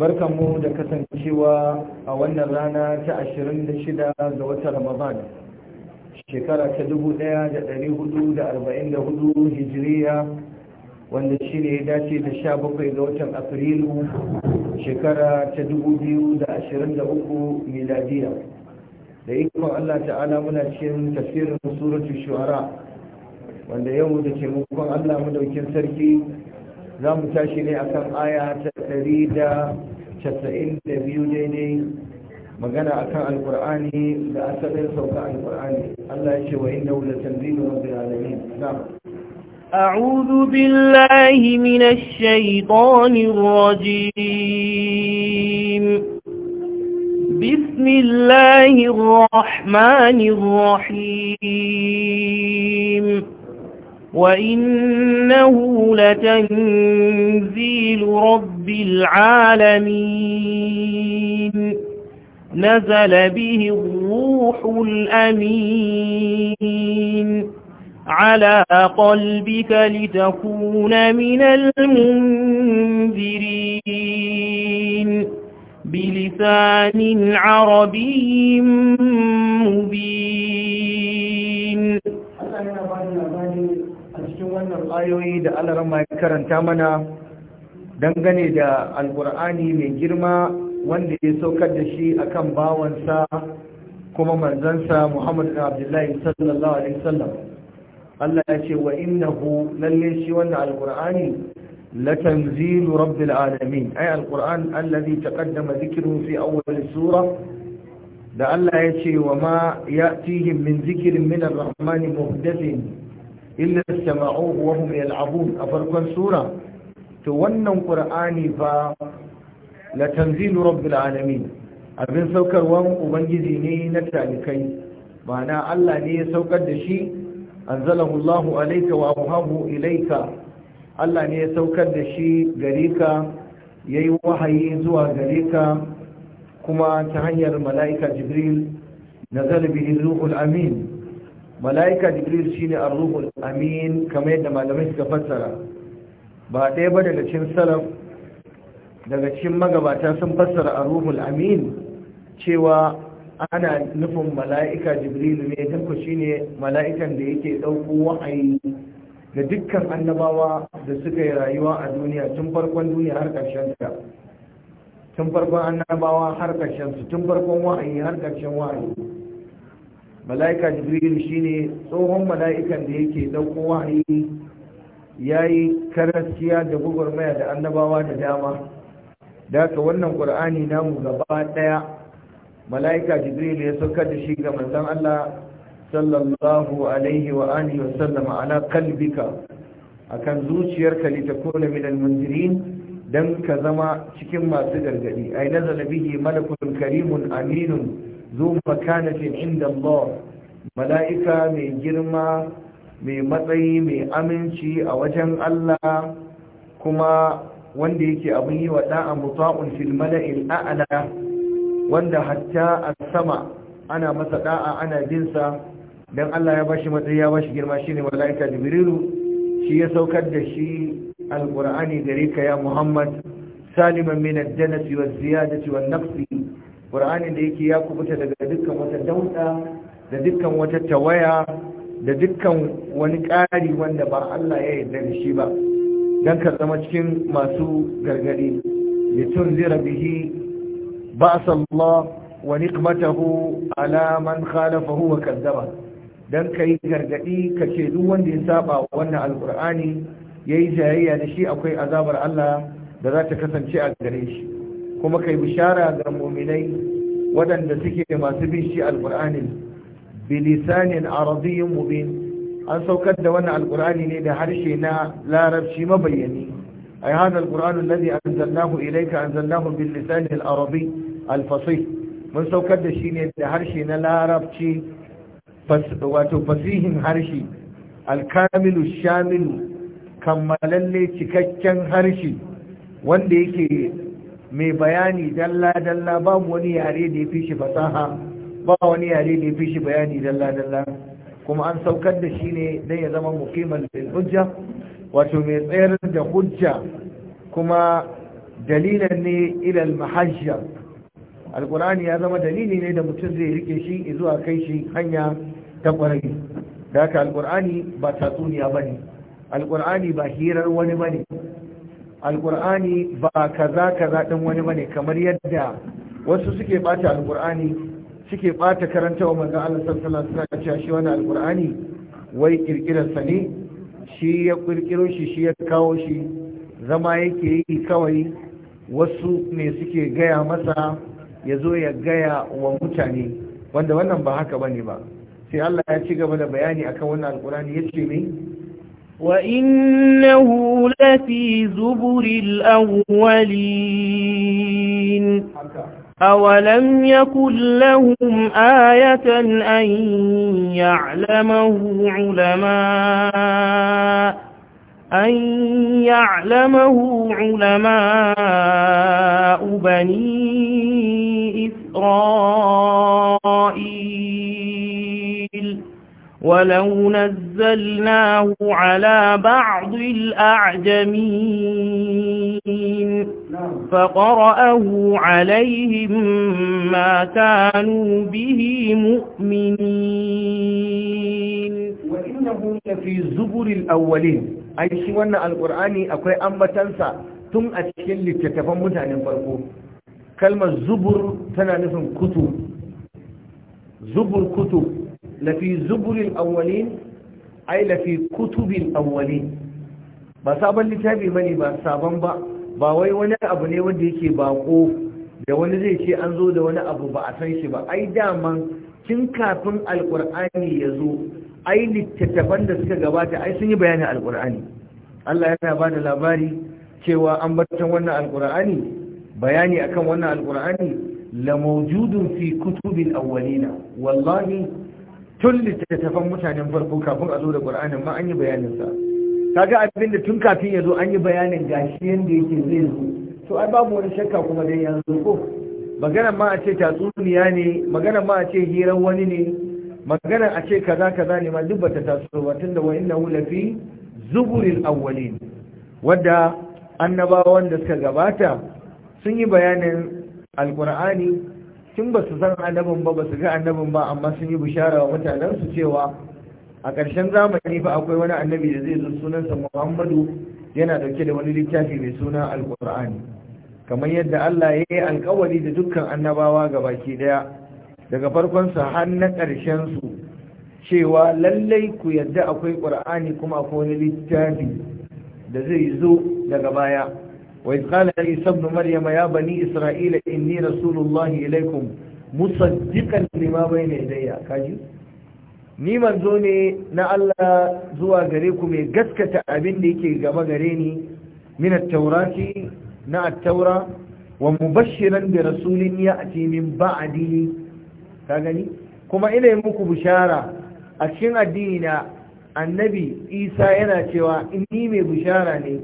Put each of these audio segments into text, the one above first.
barkanmu da kasancewa a wannan rana ta 26 ga watan ramadan shekara ta 1444 hijiriya wanda shi ne ya dace da 17 ga watan afrilu shekara ta 2023 miladiya da ikon allah ta'ala muna cikin tafsirin suratul shu'ara wanda yau da ke mukon allah madaukin sarki زم تشيني أكم آية تريدا تسئل تبيوديني مجانا أكم القرآن لا أسئل سوكا القرآن الله يشي وإنه لتنزيل رب العالمين نعم أعوذ بالله من الشيطان الرجيم بسم الله الرحمن الرحيم وإنه لتنزيل رب العالمين نزل به الروح الأمين على قلبك لتكون من المنذرين بلسان عربي مبين wannan ayoyi da alarama ya karanta mana dangane da alkur'ani mai girma wanda ya saukar da shi a kan bawansa kuma manzansa muhammadu abdullahi sallallahu alaihi allah ya ce wa innahu lalle shi wannan alkur'ani la tanzilu rabbil alamin ay alquran alladhi taqaddama dhikruhu fi awwal surah da allah ya ce wa ma ya'tihim min dhikrin min arrahmani muhdathin illa istama'uhu wa hum yal'abun a farkon sura to wannan qur'ani fa la tanzilu rabbil alamin abin saukarwan ubangiji ne na talikai ma'ana Allah ne ya saukar da shi anzalahu Allah alayka wa wahabu ilayka Allah ne ya saukar da shi gare ka yayi wahayi zuwa gare ka kuma ta hanyar mala'ika jibril nazala bihi ruhul amin mala'ika jibril shine ar-ruhul amin kamar yadda malamai suka fassara ba ɗaya ba daga cikin salaf daga cikin magabata sun fassara ar-ruhul amin cewa ana nufin mala'ika jibril ne dan ku shine mala'ikan da yake dauko wahayi ga dukkan annabawa da suka yi rayuwa a duniya tun farkon duniya har ƙarshen ta tun farkon annabawa har ƙarshen su tun farkon wahayi har ƙarshen wa'ayi mala'ika jibril shine tsohon mala'ikan da yake dauko wahayi yayi karaskiya da gugurmaya da annabawa da dama daga wannan qur'ani namu gaba daya mala'ika jibril ya saukar da shi ga manzon Allah sallallahu alaihi wa alihi wa sallama ala qalbika akan zuciyarka litakuna min al dan ka zama cikin masu gargadi ai nazala bihi malakun karimun aminun zo makanatin inda Allah mala'ika mai girma mai matsayi mai aminci a wajen Allah kuma wanda yake abin yi wa da'a mutu'un fil mala'il a'la wanda hatta a sama ana masa da'a ana jinsa dan Allah ya bashi matsayi ya bashi girma shine mala'ika jibrilu shi ya saukar da shi Alƙur'ani da ka Muhammad saliman min ad-danas wa az-ziyadati ƙur'anin da yake ya kubuta daga dukkan wata dauta da dukkan wata tawaya da dukkan wani ƙari wanda ba Allah ya yarda da shi ba don ka zama cikin masu gargadi tun zira bihi ba'sa Allah wa niqmatahu ala man khalafahu wa kazzaba dan kai gargadi kace duk wanda ya saba wannan ya yayi jayayya da shi akwai azabar Allah da za ta kasance a gare shi kuma kai bishara ga muminai waɗanda suke masu bishi shi alƙur'anin bilisanin arabiyyin mubin an saukar da wannan alƙur'ani ne da harshe na larabci mabayyani ai hada alƙur'anun ladhi anzalnahu ilayka anzalnahu bil bilisanin arabi al mun saukar da shi ne da harshe na larabci wato fasihin harshe alkamilu shamilu kammalalle cikakken harshe wanda yake mai bayani dalla-dalla babu wani yare da ya fi shi fasaha ba wani yare da ya fi shi bayani dalla-dalla kuma an saukar da shi ne don ya zama mukimin hujja wato mai tsayar da hujja kuma dalilan ne ilal mahajja alkurani ya zama dalili ne da mutum zai rike shi zuwa kai shi hanya ta kwarai da haka alkurani ba tatsuniya ba ne alkurani ba hirar wani ba ne alkur'ani ba kaza kaza din wani bane kamar yadda wasu suke bata alkur'ani suke bata karantawa manzo Allah sallallahu alaihi wasallam cewa shi wani alkur'ani wai kirkirar sa ne shi ya kirkiro shi shi ya kawo shi zama yake yi kawai wasu ne suke gaya masa ya zo ya gaya wa mutane wanda wannan ba haka bane ba sai Allah ya ci gaba da bayani akan wannan alkur'ani yace ne وإنه لفي زبر الأولين أولم يكن لهم آية أن يعلمه علماء أن يعلمه علماء بني إسرائيل ولو نزلناه على بعض الأعجمين فقرأه عليهم ما كانوا به مؤمنين وإنه في زبر الأولين أي شوانا القرآن أكوي أما تنسى ثم أتكل لتتفهم متعنى فرقه كلمة زبر تنانف كتب زبر كتب lafi zuburin awwalin ai lafi kutubin awwalin ba sabon littafi ba ba sabon ba ba wai wani abu ne wanda yake bako da wani zai ce an zo da wani abu ba a san shi ba ai daman kin kafin alkur'ani ya zo ai littattafan da suka gabata ai sun yi bayanin alkur'ani Allah yana ba da labari cewa an batan wannan alkur'ani bayani akan wannan alkur'ani la mawjudun fi kutubin awwalina wallahi tun littattafan mutanen farko kafin a zo da ƙur'ani ma an yi bayanin sa kaga abinda tun kafin ya zo an yi bayanin gashi yanda yake zai zo to ai babu wani shakka kuma dai yanzu ko magana ma a ce tatsuniya ne magana ma a ce hirar wani ne magana a ce kaza kaza ne ma duk bata taso ba tunda wa innahu lafi zuburil awwalin wadda annabawan da suka gabata sun yi bayanin alqur'ani tun ba su san annabin ba ba su ga annabin ba amma sun yi bishara wa mutanen su cewa a ƙarshen zamani fa akwai wani annabi da zai zo sunansa Muhammadu yana dauke da wani littafi mai suna Alƙur'ani kamar yadda Allah ya yi alƙawari da dukkan annabawa ga baki daya daga farkon su har na ƙarshen su cewa lallai ku yadda akwai Ƙur'ani kuma akwai wani littafi da zai zo daga baya وإذ قال عيسى maryama مريم يا بني إسرائيل إني رسول الله إليكم مصدقا لما بين يدي كاجي ni manzo ne na Allah zuwa gare ku mai gaskata abin da yake gaba gare ni min at-taurati na at-taura wa mubashiran bi rasulin ya'ti min ba'di ka gani kuma ina yi muku bishara a cikin addini na annabi Isa yana cewa inni mai bishara ne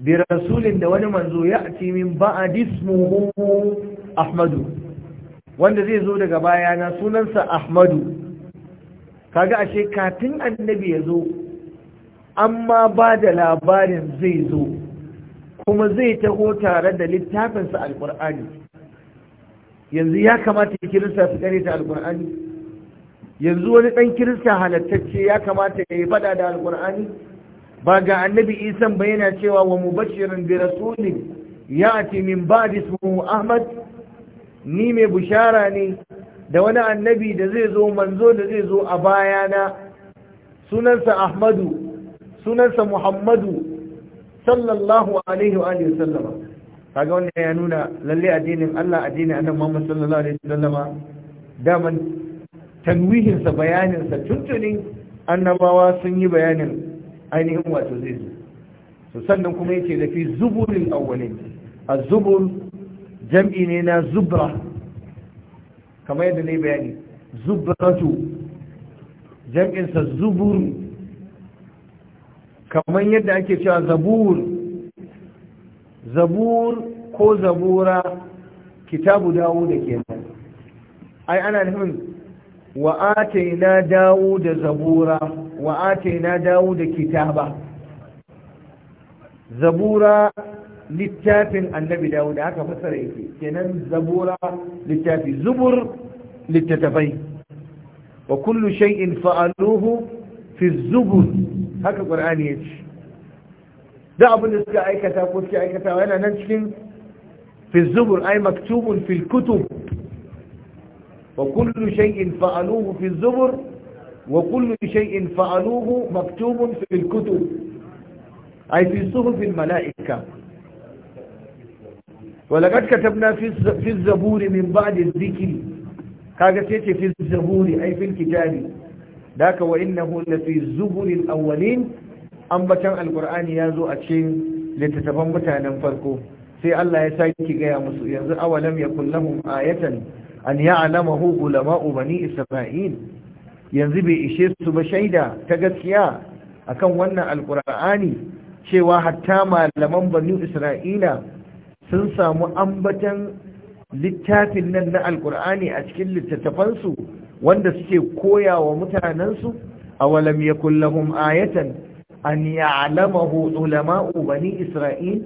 bi rasulin da wani manzo ya ati min ba'd ismuhu ahmadu wanda zai zo daga bayana sunansa ahmadu kaga ashe katin annabi ya zo amma ba da labarin zai zo kuma zai taho tare da littafinsa alkur'ani yanzu ya kamata kirista su ta alkur'ani yanzu wani ɗan kirista halattacce ya kamata ya yi da alkur'ani ba ga annabi isan ba yana cewa wa mubashirin bi rasulin ya'ti min ba'di ismuhu ahmad ni mai bushara ne da wani annabi da zai zo manzo da zai zo a bayana sunansa ahmadu sunansa muhammadu sallallahu alaihi wa sallama kaga wannan ya nuna lalle addinin Allah addinin annabi Muhammad sallallahu alaihi man tanwihin sa tanwihinsa bayaninsa tuntunin annabawa sun yi bayanin ainihin wato zai zo so sannan kuma yake da fi zuburin awwali az-zubur jam'i ne na zubra kamar yadda ne bayani zubratu jam'in sa zubur kamar yadda ake cewa zabur zabur ko zabura kitabu dawo da kenan ai ana nufin wa dawo da zabura wa dawo da kitaba zabura littafin annabi dawo da haka fasara yake kenan zabura littafi zubur littattafai wa kullu shay'in fa'aluhu fi zubur haka qur'ani ce. da abin da suka aikata ko suke aikata yana nan cikin fi zubur ay maktubun fil kutub وكل شيء فعلوه في الزبر وكل شيء فعلوه مكتوب في الكتب أي في صحف الملائكة ولقد كتبنا في الزبور من بعد الذكر kaga sai ce fi zaburi ai kitabi daka wa innahu la fi zuburil awwalin ambatan alqur'ani yazo a cikin littattafan mutanen farko sai Allah ya saki gaya musu yanzu awalam yakul lahum ayatan an ya'lamahu ulama'u bani isra'il yanzu bai ishe su ba shaida ta gaskiya akan wannan alqur'ani cewa hatta malaman bani isra'ila sun samu ambatan littafin nan na alqur'ani a cikin littattafansu wanda suke koya wa mutanensu awalam yakul lahum ayatan an ya'lamahu ulama'u bani isra'il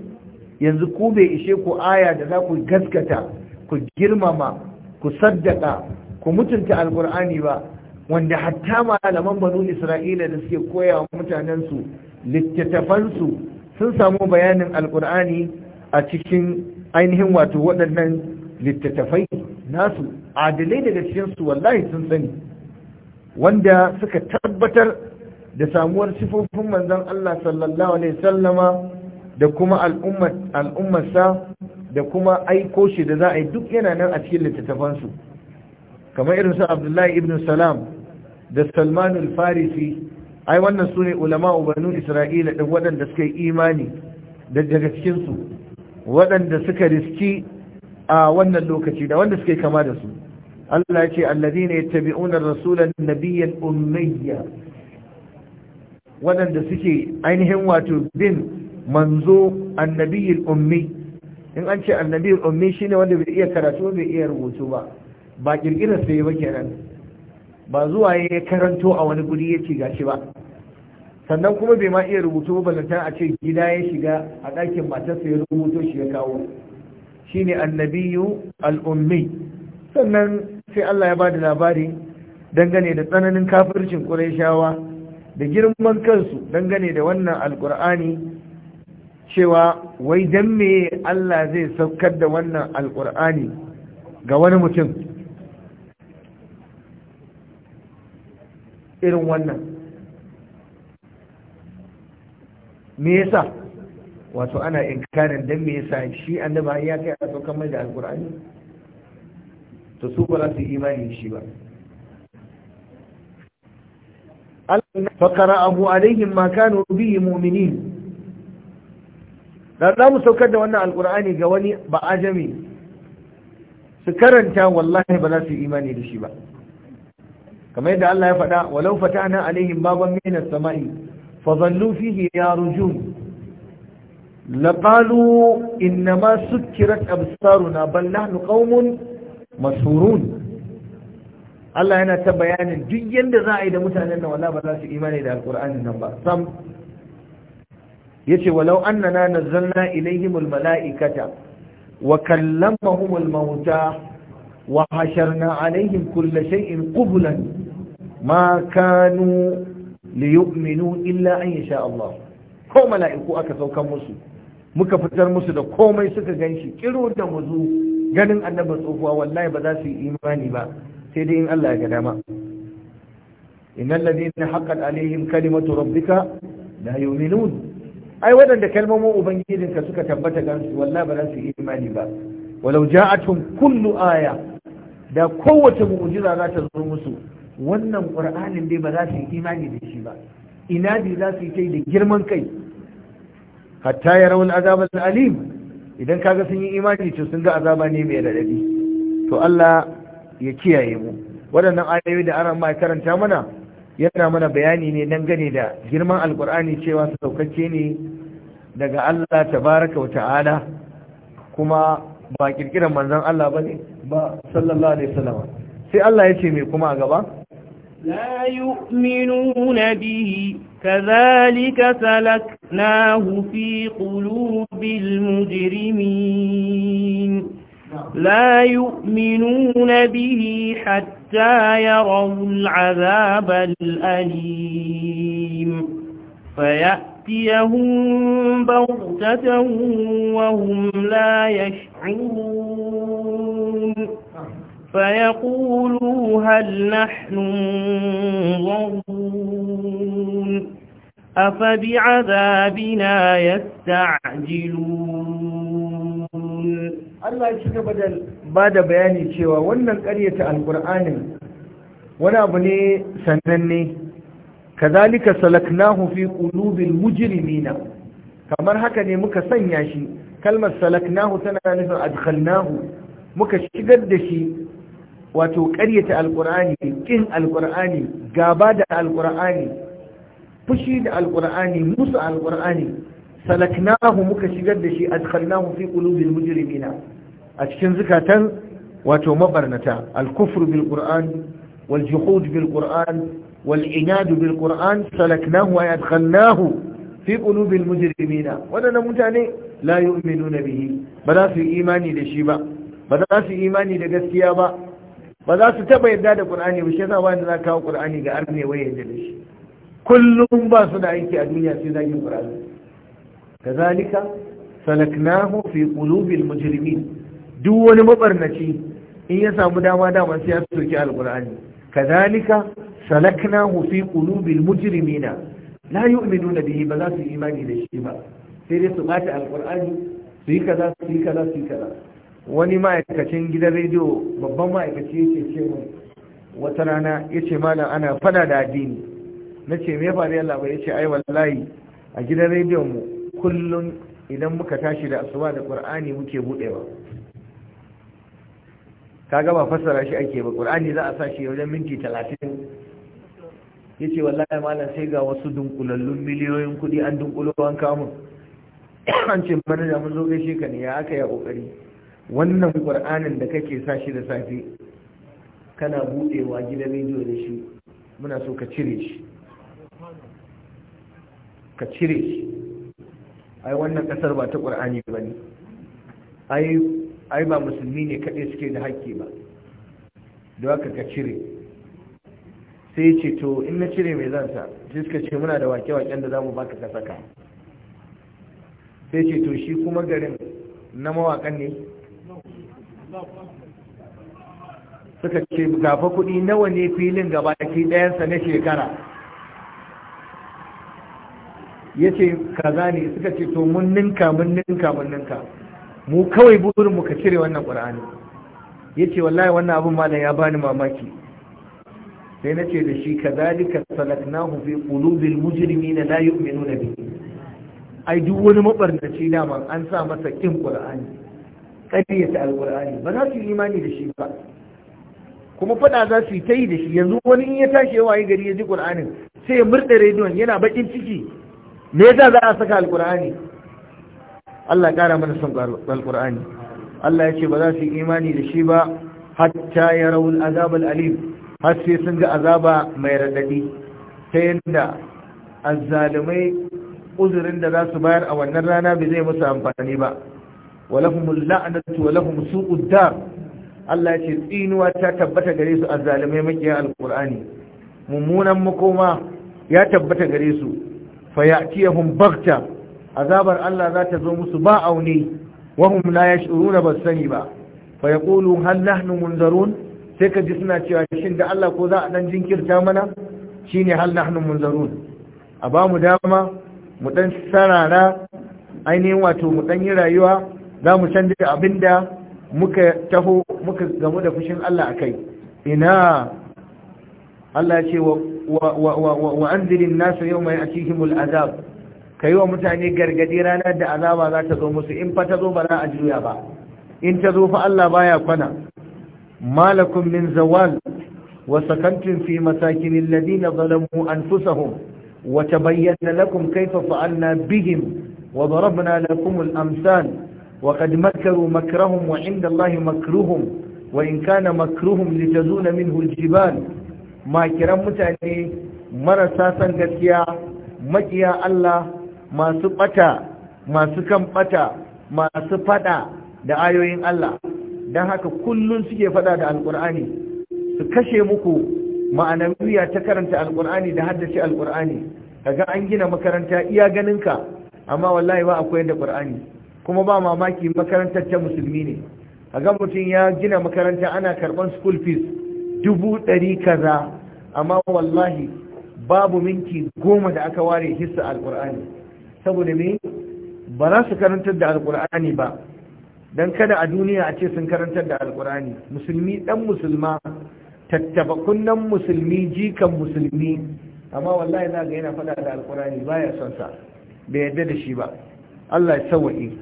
yanzu ku bai ishe ku aya da za ku gaskata ku girmama ku saddaka ku mutunta alkur'ani ba wanda hatta malaman banu isra'ila da suke koya wa mutanensu littattafansu sun samu bayanin alkur'ani a cikin ainihin wato waɗannan littattafai nasu adalai daga cikinsu wallahi sun sani wanda suka tabbatar da samuwar sifofin manzon Allah sallallahu alaihi sallama da kuma al'ummarsa da kuma aiko shi da za a yi duk yana nan a cikin littattafansu kamar irin su abdullahi ibn salam da salman al-farisi ai wannan su ne ulama ubanu isra'ila ɗin waɗanda suka yi imani daga cikinsu waɗanda suka riski a wannan lokaci da wanda suka yi kama da su Allah ce alladhina yattabi'una ar-rasulan nabiyyan ummiyya waɗanda suke ainihin wato bin manzo annabiyil ummi in an ce annabi ummi shine wanda bai iya karatu bai iya rubutu ba ba kirkirar sai ba kenan ba zuwa ya karanto a wani guri ya ci gashi ba sannan kuma bai ma iya rubutu ba balanta a ce gida ya shiga a ɗakin matarsa ya rubuto shi ya kawo shine annabiyu al-ummi sannan sai Allah ya bada labari dangane da tsananin kafircin Qurayshawa da girman kansu dangane da wannan alkur'ani cewa wai dan me Allah zai saukar da wannan alkur'ani ga wani mutum irin wannan me yasa wato ana inkarin dan me yasa shi annabi ya kai a saukar mai da alkur'ani to su ba za su imani shi ba Allah fa abu alaihim ma kanu bihi mu'minin da za mu saukar da wannan alkur'ani ga wani ba ajami su karanta wallahi ba za su imani da shi ba kamar yadda Allah ya faɗa walau fatana alaihim baban min as-sama'i fa zallu fihi yarujun laqalu innama sukkirat absaruna bal nahnu qaumun mashhurun Allah yana ta bayanin duk yanda za a yi da mutanen nan wallahi ba za su imani da alkur'ani nan ba sam yace walau annana nazzalna ilaihimul mala'ikata wa kallamahumul mauta wa hasharna alaihim kulla shay'in qublan ma kanu liyu'minu illa an yasha Allah ko mala'iku aka saukan musu muka fitar musu da komai suka ganshi kiro da muzu ganin annabi tsofuwa wallahi ba za su yi imani ba sai dai in Allah ya ga dama innal ladina haqqat alaihin kalimatu rabbika la yu'minun ai waɗanda kalmomin ubangijinka suka tabbata gansu wallahi ba za su yi imani ba walau ja'atun kullu aya da kowace mu'jiza za ta zo musu wannan qur'anin dai ba za su yi imani da shi ba ina bi za su yi kai da girman kai hatta ya rawul azabal alim idan kaga sun yi imani to sun ga azaba ne mai radadi to Allah ya kiyaye mu waɗannan ayoyi da aran ma karanta mana yana mana bayani ne nan gane da girman alkur'ani cewa saukacce ne daga Allah tabaraka wa ta'ala kuma ba kirkiran manzon Allah bane ba sallallahu alaihi wasallam sai Allah ya ce me kuma a gaba la yu'minuna bihi kadhalika salaknahu fi qulubil mujrimin la yu'minuna bihi hatta حتى يروا العذاب الأليم فيأتيهم بغتة وهم لا يشعرون فيقولوا هل نحن منظرون أفبعذابنا يستعجلون Allah ya ci gaba da ba da bayani cewa wannan ƙaryata alƙur'anin wani abu ne sananne kazalika salaknahu fi qulubil mujrimina kamar haka ne muka sanya shi kalmar salaknahu tana nufin adkhalnahu muka shigar da shi wato ƙaryata alƙur'ani ƙin alƙur'ani gaba da alƙur'ani fushi da alƙur'ani musu alƙur'ani salaknahu muka shigar da shi adkhalnahu fi qulubil mujrimina a cikin zukatan wato mabarnata al-kufr bil qur'an wal juhud bil qur'an wal inad bil qur'an salaknahu wa adkhalnahu fi qulubil mujrimina wadannan mutane la yu'minuna bihi ba za su imani da shi ba ba za su imani da gaskiya ba ba za su taba yadda da qur'ani ba shi yasa ba za kawo qur'ani ga arne waye da shi kullum ba su da aiki a duniya sai zagin qur'ani kazalika salaknahu fi qulubil mujrimin duk wani mabarnaci in ya samu dama dama sai ya soki alqur'ani kazalika salaknahu fi qulubil mujrimina la yu'minuna bihi ba za su imani da shi ba sai dai su bata alqur'ani su yi kaza su yi kaza su yi kaza wani ma'aikacin gidan rediyo babban ma'aikaci yake ce mun wata rana yace malam ana faɗa da addini na ce me faru yalla ba yace ai wallahi a gidan rediyon mu kullum idan muka tashi da asuba da qur'ani muke buɗewa. kaga ba fassara shi ake ba qur'ani za a sa shi wajen minti 30 yace wallahi malam sai ga wasu dunkulallun miliyoyin kuɗi an dunkulo an kawo an ce mana da mun zo gaishe ka ya aka ya kokari wannan qur'anin da kake sashi da safe kana buɗewa gidan rediyo da shi muna so ka cire shi ka cire shi ai wannan kasar ba ta ƙur'ani ba ne. ai ba musulmi ne kaɗai suke da haƙƙi ba da haka ka cire sai ce to in na cire mai zansa sai suka ce muna da wake-waken da za mu baka ka saka sai ce to shi kuma garin na mawaƙan ne suka ce gafa kuɗi nawa ne filin gaba da ke ɗayansa na shekara ya ce kaza ne suka ce to mun ninka mun ninka mun ninka mu kawai burin mu ka cire wannan ƙur'ani ya ce wallahi wannan abin malam ya bani mamaki sai na ce da shi hufe salaknahu fi qulubil mujrimina la yu'minuna bihi ai duk wani mabarnaci dama an sa masa kin ƙur'ani ƙaryata alƙur'ani ba za su yi imani da shi ba kuma faɗa za su yi ta yi da shi yanzu wani in ya tashi yawa yi gari ya ji ƙur'anin sai ya murɗa rediyon yana baƙin ciki me yasa za a saka alkur'ani Allah ya kara mana son alkur'ani Allah ya ce ba za su yi imani da shi ba hatta ya rawul azab al'alim har sai sun ga azaba mai radadi ta yadda azzalumai uzurin da za su bayar a wannan rana bai zai musu amfani ba walahumul la'natu walahum su'ud dar Allah ya ce tsinuwa ta tabbata gare su azzalumai makiyan alkur'ani mummunan makoma ya tabbata gare su fayatiyahum bagta azabar Allah za ta zo musu ba aune wahum la yash'uruna bas sani ba fayaqulu hal nahnu munzarun sai ka ji suna cewa shin da Allah ko za a dan jinkirta mana shine hal nahnu munzarun a ba mu dama mu dan sarara ainihin wato mu dan yi rayuwa za mu canza abinda muka taho muka gamu da fushin Allah akai ina Allah ce wa anzirin nasu yau mai akihimul azab ka yi wa mutane gargadi ranar da azaba za ta zo musu in fa ta zo ba za a juya ba in ta zo fa Allah baya kwana Malakun min zawal wa sakantum fi masakin alladhina zalamu anfusahum wata bayyana lakum kayfa fa'alna bihim wa darabna lakum al-amsal wa kadmakaru makaru makrahum wa 'inda Allahi makruhum wa in kana makruhum litazuna minhu al-jibal makiran mutane marasa san gaskiya makiya Allah masu bata masu kan bata masu fada da ayoyin Allah dan haka kullun suke fada da alkur'ani su kashe muku ma'anawiya ta karanta alkur'ani da haddace alkur'ani kaga an gina makaranta iya ganinka amma wallahi ba akwai da qur'ani kuma ba mamaki makarantar ta musulmi ne kaga mutum ya gina makaranta ana karban school fees dubu ɗari kaza amma wallahi babu minti goma da aka ware hissa alƙur'ani saboda me ba za su karantar da alƙur'ani ba don kada a duniya a ce sun karantar da alƙur'ani musulmi ɗan musulma tattaba kunnen musulmi jikan musulmi amma wallahi za ga yana faɗa da alƙur'ani ba ya son sa bai yarda da shi ba Allah ya sawa'i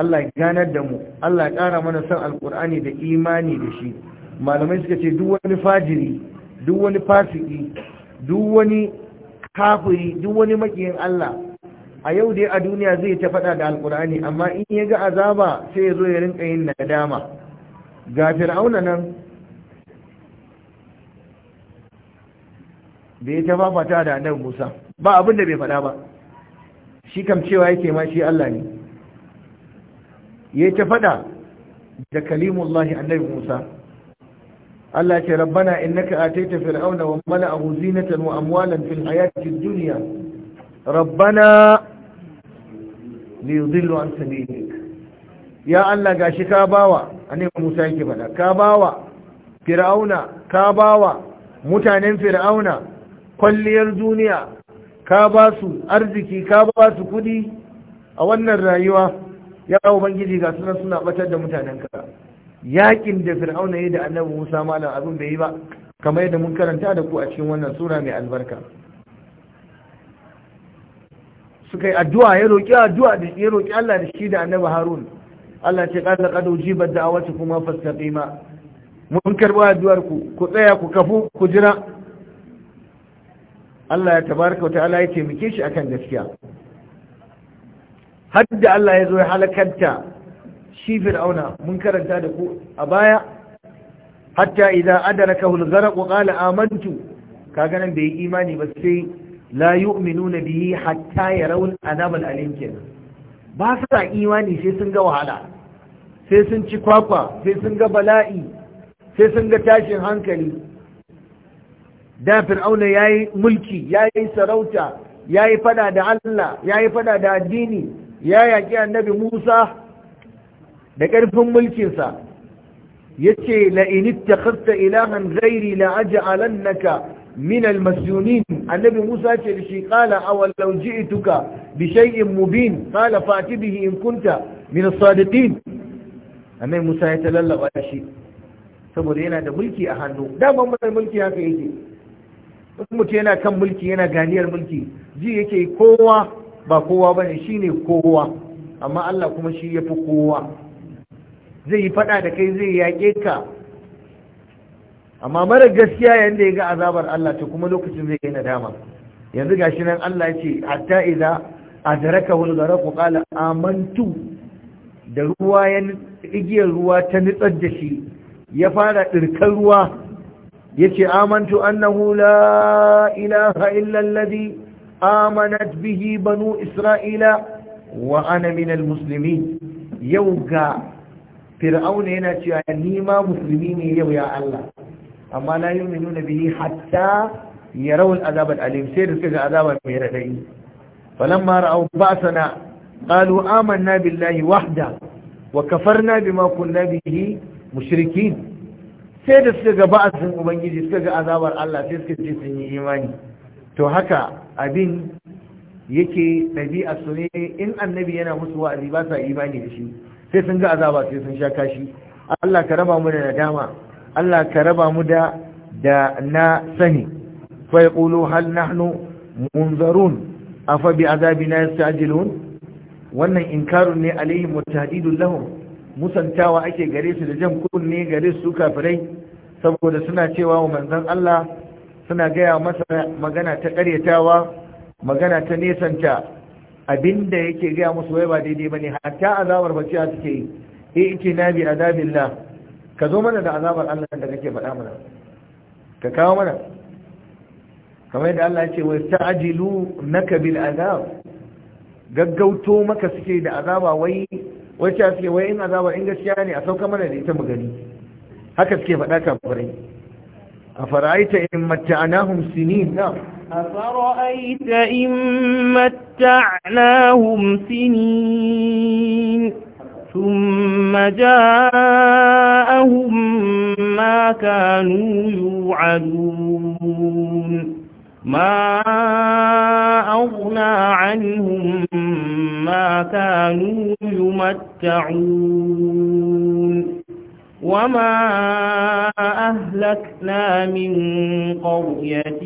Allah ya ganar da mu Allah ya ƙara mana son alƙur'ani da imani da shi malamai suka ce duk wani fajiri duk wani fasiki duk wani kafiri duk wani makiyin Allah a yau dai a duniya zai ta faɗa da alkur'ani amma in ya ga azaba sai ya zo ya rinka yin nadama ga fir'auna nan da ya ta fafata da annabi Musa ba abin da bai faɗa ba shi kam cewa yake ma shi Allah ne ya ta faɗa da kalimullahi annabi Musa Allah ce rabbana innaka ataita fir'auna wa mala'ahu zinatan wa amwalan fil hayati dunya rabbana liyudillu an sabilik ya Allah gashi ka bawa ane Musa yake faɗa ka bawa fir'auna ka bawa mutanen fir'auna kwalliyar duniya ka ba su arziki ka ba su kudi a wannan rayuwa ya ubangiji ga sunan suna batar da mutanen ka. yakin da fir'auna yi da annabi musa malam abin bai yi ba kamar yadda mun karanta da ku a cikin wannan sura mai albarka suka yi addu'a ya roƙi addu'a da ya roƙi Allah da shi da annabi Harun Allah ce qala qad ujibat da'awatukum fastaqima mun karɓi addu'ar ku ku tsaya ku kafu ku jira Allah ya tabaraka wa ta'ala ya taimake shi akan gaskiya har da Allah ya zo ya halakarta shi fir'auna mun karanta da ku a baya hatta idza adrakahu al-gharq qala amantu kaga nan bai imani ba sai la yu'minuna bihi hatta yarawul adab al-alim kenan ba da imani sai sun ga wahala sai sun ci kwakwa sai sun ga bala'i sai sun ga tashin hankali da fir'auna yayi mulki yayi sarauta yayi fada da Allah yayi fada da addini ya yaki annabi Musa da ƙarfin mulkinsa ya ce la'init ta kasta ilahan zairi la'aja'alannaka min almasjunin annabi musa ce da shi ƙala a wallon ji'ituka bi shay'in mubin ƙala fati bihi in kunta min sadiqin annabi musa ya talallaba shi saboda yana da mulki a hannu daman mai mulki haka yake mutum yana kan mulki yana ganiyar mulki ji yake kowa ba kowa bane shine kowa amma Allah kuma shi yafi kowa zai yi fada da kai zai yaƙe ka amma mara gaskiya yadda ya ga azabar Allah ta kuma lokacin zai yi nadama yanzu gashi nan Allah ya ce hatta idza wani al ku qala amantu da ruwa ya igiyar ruwa ta nutsar da shi ya fara ɗirkar ruwa ya ce amantu annahu la ilaha amanat bihi banu isra'ila wa ana minal musulmi yau ga fir'auna yana cewa ni ma musulmi ne yau ya Allah amma la yu'minuna bihi hatta yaraw al'azab al'alim sai da suka ga azaba mai radadi falamma ra'aw ba'sana qalu amanna billahi wahda wa kafarna bima kunna bihi mushrikin sai da suka ga ba'sin ubangiji suka ga azabar Allah sai suka ce sun yi imani to haka abin yake ɗabi'a su in annabi yana musu wa'azi ba sa imani da shi sai sun ga azaba sai sun sha kashi Allah ka raba mu da nadama Allah ka raba mu da da na sani fa yaqulu hal nahnu munzarun afa bi azabina yastajilun wannan inkarun ne alaihim wa lahum musantawa ake gare su da jan kunne gare su kafirai saboda suna cewa wa manzon Allah suna gaya masa magana ta ƙaryatawa magana ta nesanta abinda yake gaya musu wai ba daidai bane hatta azabar ciya suke yi E, ce na bi azabillah ka zo mana da azabar Allah da kake faɗa mana ka kawo mana kamar yadda Allah ya ce wai ta'jilu naka bil azab gaggauto maka suke da azaba wai wacce suke wai in azaba in gaskiya ne a sauka mana da ita mu gani haka suke faɗa kafirai a fara'aita in mata'anahum sinin na أفرأيت إن متعناهم سنين ثم جاءهم ما كانوا يوعدون ما أغنى عنهم ما كانوا يمتعون وما أهلكنا من قرية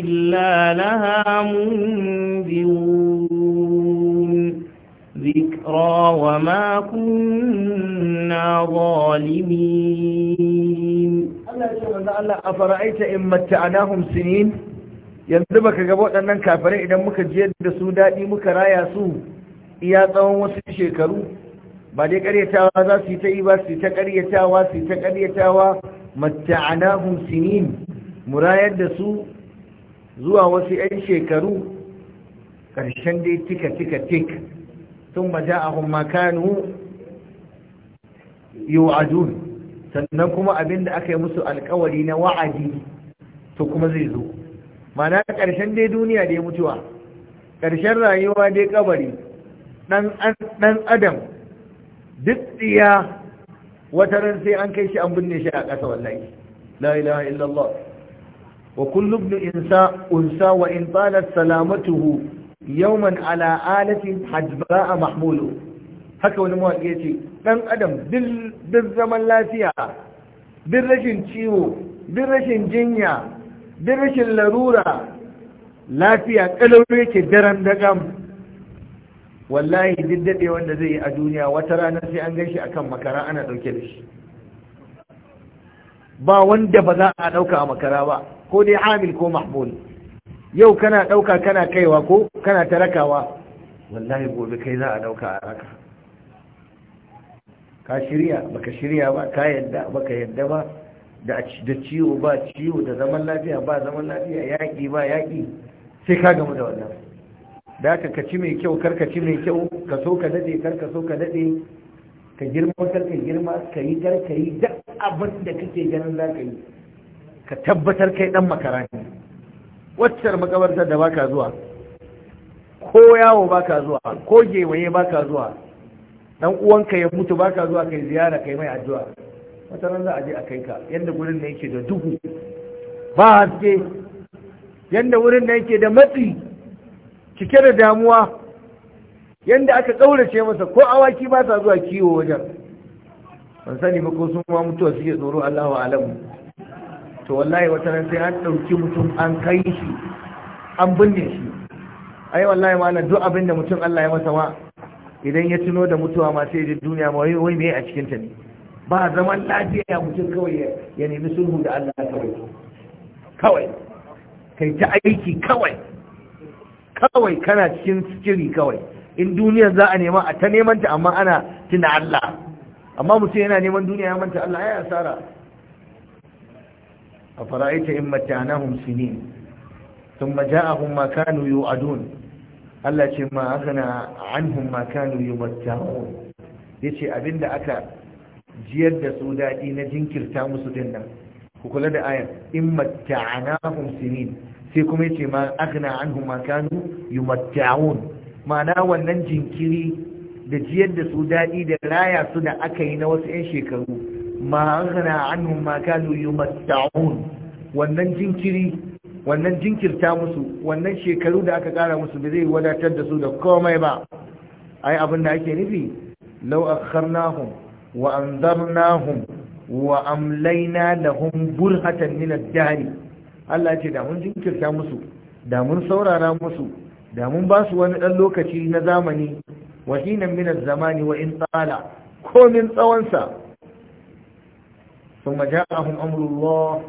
إلا لها منذرون ذكرى وما كنا ظالمين a fara'aita إن متعناهم سنين yanzu baka ga waɗannan kafirai idan muka jiyar da su daɗi muka raya su iya tsawon wasu shekaru ba dai karyatawa za su yi ta yi ba su yi ta karyatawa su yi ta karyatawa matta'ana sinin murayar da su zuwa wasu 'yan shekaru ƙarshen dai tika tika tik sun ba ja'ahun makanu yi'adun sannan kuma abin da aka yi musu alkawari na wa'adi to kuma zai zo mana ƙarshen dai duniya dai mutuwa ƙarshen rayuwa dai kabari ɗan adam duk tsiya wata ran sai an kai shi an binne shi a ƙasa wallahi la ilaha illallah wa kullu ibn insa unsa wa in talat salamatuhu yawman ala alatin hajba'a mahmulu haka wani mawaki yace dan adam duk zaman lafiya duk rashin ciwo duk rashin jinya duk rashin larura lafiya kalau yake daren dagam wallahi duk daɗe wanda zai yi a duniya wata rana sai an gan shi a kan makara ana ɗauke da shi ba wanda ba za a ɗauka a makara ba ko dai hamil ko mahmul yau kana ɗauka kana kaiwa ko kana tarakawa wallahi gobe kai za a ɗauka a raka ka shirya baka shirya ba ka yadda baka yadda ba da ciwo ba ciwo da zaman lafiya ba zaman lafiya yaƙi ba yaƙi sai ka gamu da wannan da ka kaci mai kyau karka kaci mai kyau ka so ka daɗe karka so ka daɗe ka girma karka girma ka yi karka yi duk abin da kake ganin za ka yi ka tabbatar kai ɗan makara ne waccar makabartar da baka zuwa ko yawo baka zuwa ko gewaye baka zuwa dan uwanka ya mutu baka zuwa kai ziyara kai mai addu'a wata ran za a je a kai ka yadda gurin da yake da duhu ba haske yadda wurin da yake da matsi cike da damuwa yadda aka ƙaurace masa ko awaki ba sa zuwa kiwo wajen ban sani ba ko sun ma mutuwa suke tsoro Allahu alamu to wallahi wata nan sai an ɗauki mutum an kai shi an binne shi ai wallahi ma duk abin da mutum Allah ya masa ma idan ya tuno da mutuwa ma sai ya duniya ma wai me a cikin ta ne ba zaman lafiya mutum kawai ya nemi sulhu da Allah kawai kawai kai ta aiki kawai kawai kana cikin sikiri kawai in duniyar za a nema a ta neman ta amma ana tuna Allah amma mutum yana neman duniya ya manta Allah ya asara a fara'aita in matanahum sinin thumma ja'ahum ma kanu yu'adun Allah ce ma aka akana anhum ma kanu Ya ce abinda aka jiyar da su daɗi na jinkirta musu dinnan ku kula da ayan in matanahum sinin sai kuma yace ma aghna anhum ma kanu yumatta'un ma'ana wannan jinkiri da jiyar da su daɗi da raya su da aka yi na wasu 'yan shekaru ma aghna anhum ma kanu yumatta'un wannan jinkiri wannan jinkirta musu wannan shekaru da aka kara musu ba zai wadatar da su da komai ba ai abin da ake nufi law akharnahum wa anzarnahum wa amlaina lahum burhatan min ad dari. Allah ya ce da mun jinkirta musu da mun saurara musu da mun ba su wani ɗan lokaci na zamani wa hinan min zamani wa in tsala ko min tsawon sa thumma ja'ahum amrullah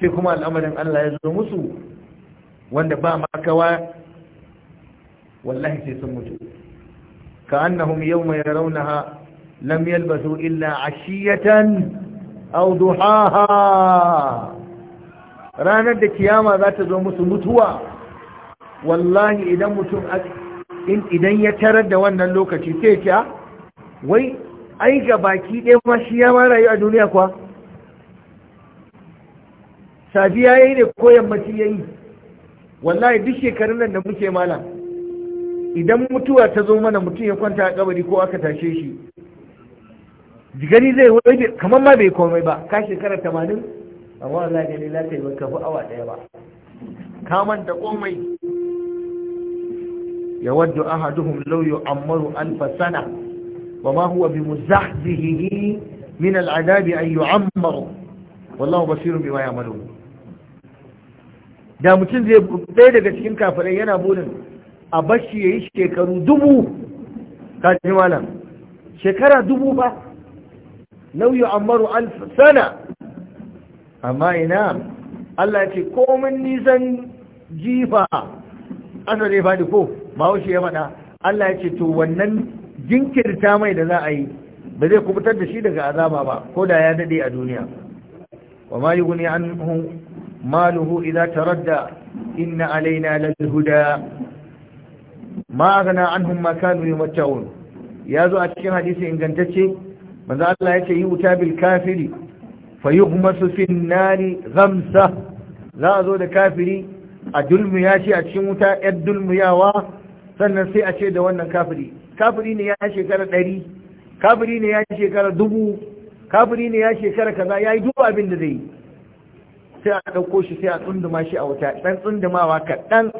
sai kuma al'amarin Allah ya zo musu wanda ba makawa wallahi sai sun mutu كأنهم يوم يرونها لم يلبثوا إلا عشية أو ضحاها ranar da kiyama za ta zo musu mutuwa wallahi idan mutum idan ya tarar da wannan lokaci sai ya ah, wai ai ga baki ɗaya ma shi ya ma rayu a duniya kuwa safiya ya yi ne ko yammaci ya yi wallahi duk shekarun nan da muke mala idan mutuwa ta zo mana mutum ya kwanta a kabari ko aka tashe shi gani zai wai kamar ma bai komai ba ka shekara tamanin amma Allah gani za ka yi baka fi awa ɗaya ba ka manta komai ya waddu ahaduhum lauyo Ammaru alf sana wa ma huwa bimuzahzihi min al'adabi an yu'ammaru wallahu basirun bima ya'malun da mutum zai ɗaya daga cikin kafirai yana burin a bashi ya yi shekaru dubu Ka kaji malam shekara dubu ba Lauyo Ammaru alf sana amma ina Allah ce komin nisan jifa asa zai faɗi ko bahaushe ya faɗa Allah ya ce to wannan jinkirta mai da za a yi ba zai kubutar da shi daga azaba ba ko da ya daɗe a duniya wa ma an anhu maluhu tarar da inna alaina lal huda ma a an aghna anhum ma mataun. Ya zo a cikin hadisi ingantacce manzo Allah ya ce yi wuta bil kafiri fayughmasu fin nari ghamsa za a zo da kafiri a dulmiya shi a cikin wuta yar dulmiyawa sannan sai a ce da wannan kafiri kafiri ne ya shekara ɗari kafiri ne ya shekara dubu kafiri ne ya shekara kaza ya yi duk abin da zai sai a ɗauko shi sai a tsunduma shi a wuta ɗan tsundumawa kaɗan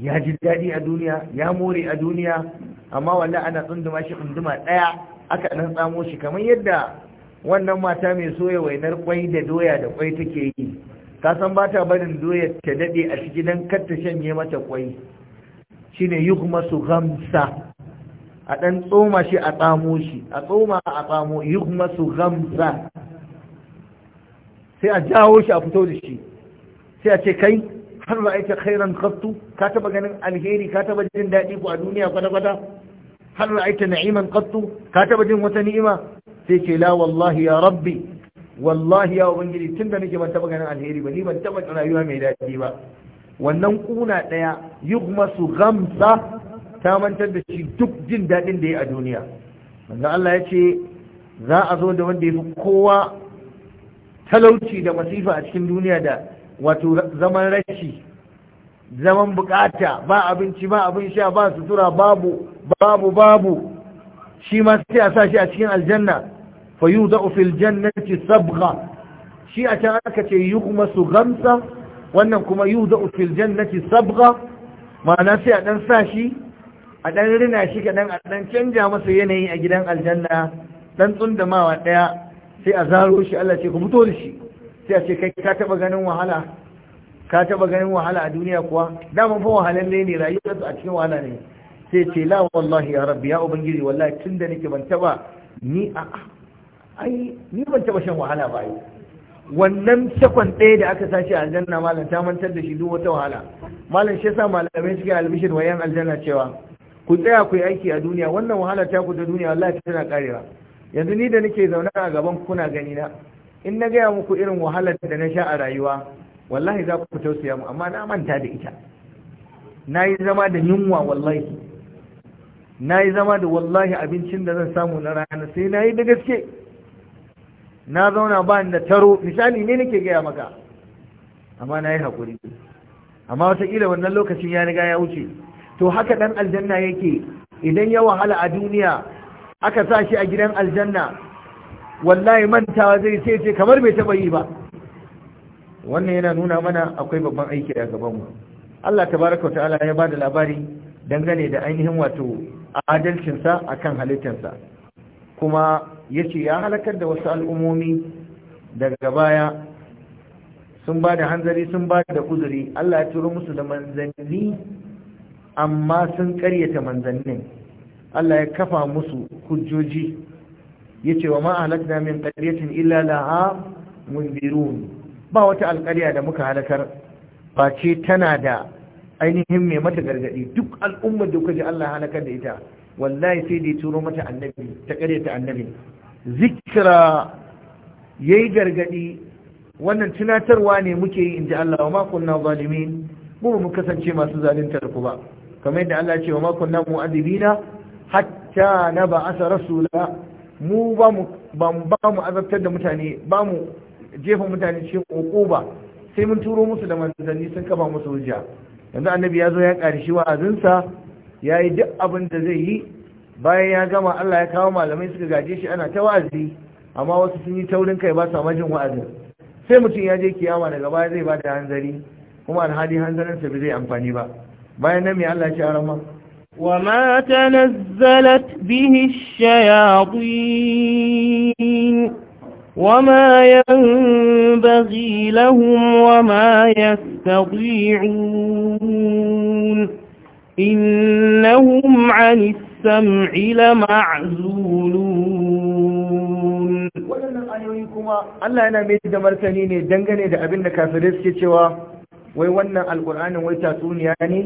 ya ji daɗi a duniya ya more a duniya amma wallahi ana tsunduma shi tsunduma ɗaya aka ɗan tsamo shi kamar yadda wannan mata mai soya wainar kwai da doya da kwai take yi ta san ba ta barin doya ta dade a ciki dan kar ta shanye mata kwai shine su gamsa a dan tsoma shi a tsamo shi a tsoma a tsamo su gamsa sai a jawo shi a fito da shi sai a ce kai har ba aita khairan qattu ka taba ganin alheri ka taba jin dadi ko a duniya kwata kwata har ra'aita na'iman qattu ka taba jin wata ni'ima sai ce la wallahi ya rabbi wallahi ya ubangiji tun da nake ban taba ganin alheri ba ni ban taba rayuwa mai daɗi ba wannan kuna ɗaya yugmasu gamsa ta mantar da shi duk jin daɗin da ya a duniya manzo Allah ya ce za a zo da wanda ya fi kowa talauci da masifa a cikin duniya da wato zaman rashi zaman bukata ba abinci ba abin sha ba sutura babu babu babu shi ma sai a sa shi a cikin aljanna fa yudau jannati sabgha shi a can aka ce masu gamsa. wannan kuma yudau fil jannati sabgha ma'ana sai a dan sa shi a ɗan rina shi kadan a ɗan canja masa yanayi a gidan aljanna dan tsundamawa daya sai a zaro shi Allah ce ku fito da shi sai a ce kai ka taɓa ganin wahala ka ganin wahala a duniya kuwa daman fa wahalalle ne rayuwarsu a cikin wahala ne sai ce la wallahi ya rabbi ya ubangiji wallahi tunda nake ban taba ni a ai ni ban taba shan wahala ba ai wannan sakon ɗaya da aka sashi a aljanna malam ta mantar da shi duk wata wahala malam shi yasa malamai suke albishir wayan aljanna cewa ku tsaya ku yi aiki a duniya wannan wahala ta ku da duniya wallahi tana karewa yanzu ni da nake zaune a gaban kuna gani na in na gaya muku irin wahalar da na sha a rayuwa wallahi za ku tausaya mu amma na manta da ita na yi zama da yunwa wallahi na yi zama da wallahi abincin da zan samu na rana sai na yi da gaske na zauna ba da taro misali ne nake gaya maka amma na yi haƙuri amma wataƙila wannan lokacin ya riga ya wuce to haka ɗan aljanna yake idan ya wahala a duniya aka sa shi a gidan aljanna wallahi mantawa zai ce ce kamar bai taɓa yi ba wannan yana nuna mana akwai babban aiki a gabanmu Allah tabaraka ta'ala ya bada labari dangane da ainihin wato adalcinsa akan halittarsa kuma ya ce ya halakar da wasu al'ummomi daga baya sun ba da hanzari sun ba da uzuri Allah ya turo musu da manzanni amma sun karyata manzannin Allah ya kafa musu hujjoji ya ce wa ma'alakna min ƙaryatin illa laha mundirun ba wata alƙarya da muka halakar ba ce tana da ainihin mai mata gargaɗi duk al'ummar da kuka ji Allah halakar da ita wallahi sai da ya turo mata annabi ta karyata annabi zikira ya yi gargaɗi wannan tunatarwa ne muke yi in ji Allah wa makunna zalimin mu mu kasance masu da ku ba kamar yadda Allah ce wa makunna mu'adibina hatta na ba asa rasula mu ba mu ba mu azabtar da mutane ba mu jefa mutane cikin ba. sai mun turo musu da manzanni sun kafa musu hujja yanzu annabi ya zo ya ƙari wa'azinsa ya yi duk abin da zai yi bayan ya gama Allah ya kawo malamai suka gaje shi ana ta wa'azi amma wasu sun yi taurin kai ba sa majin wa'azi. sai mutum ya je kiyama daga baya zai bada hanzari kuma alhali hanzarin sa zai amfani ba bayan nan me Allah ya ce a rama وما shayatin wa ma yanbaghi lahum wa ma yastati'un إنهم عن السمع لمعزولون waɗannan ayoyi kuma Allah yana mai da martani ne dangane da abin da kafirai suke cewa wai wannan alkur'anin wai tatsuniya ne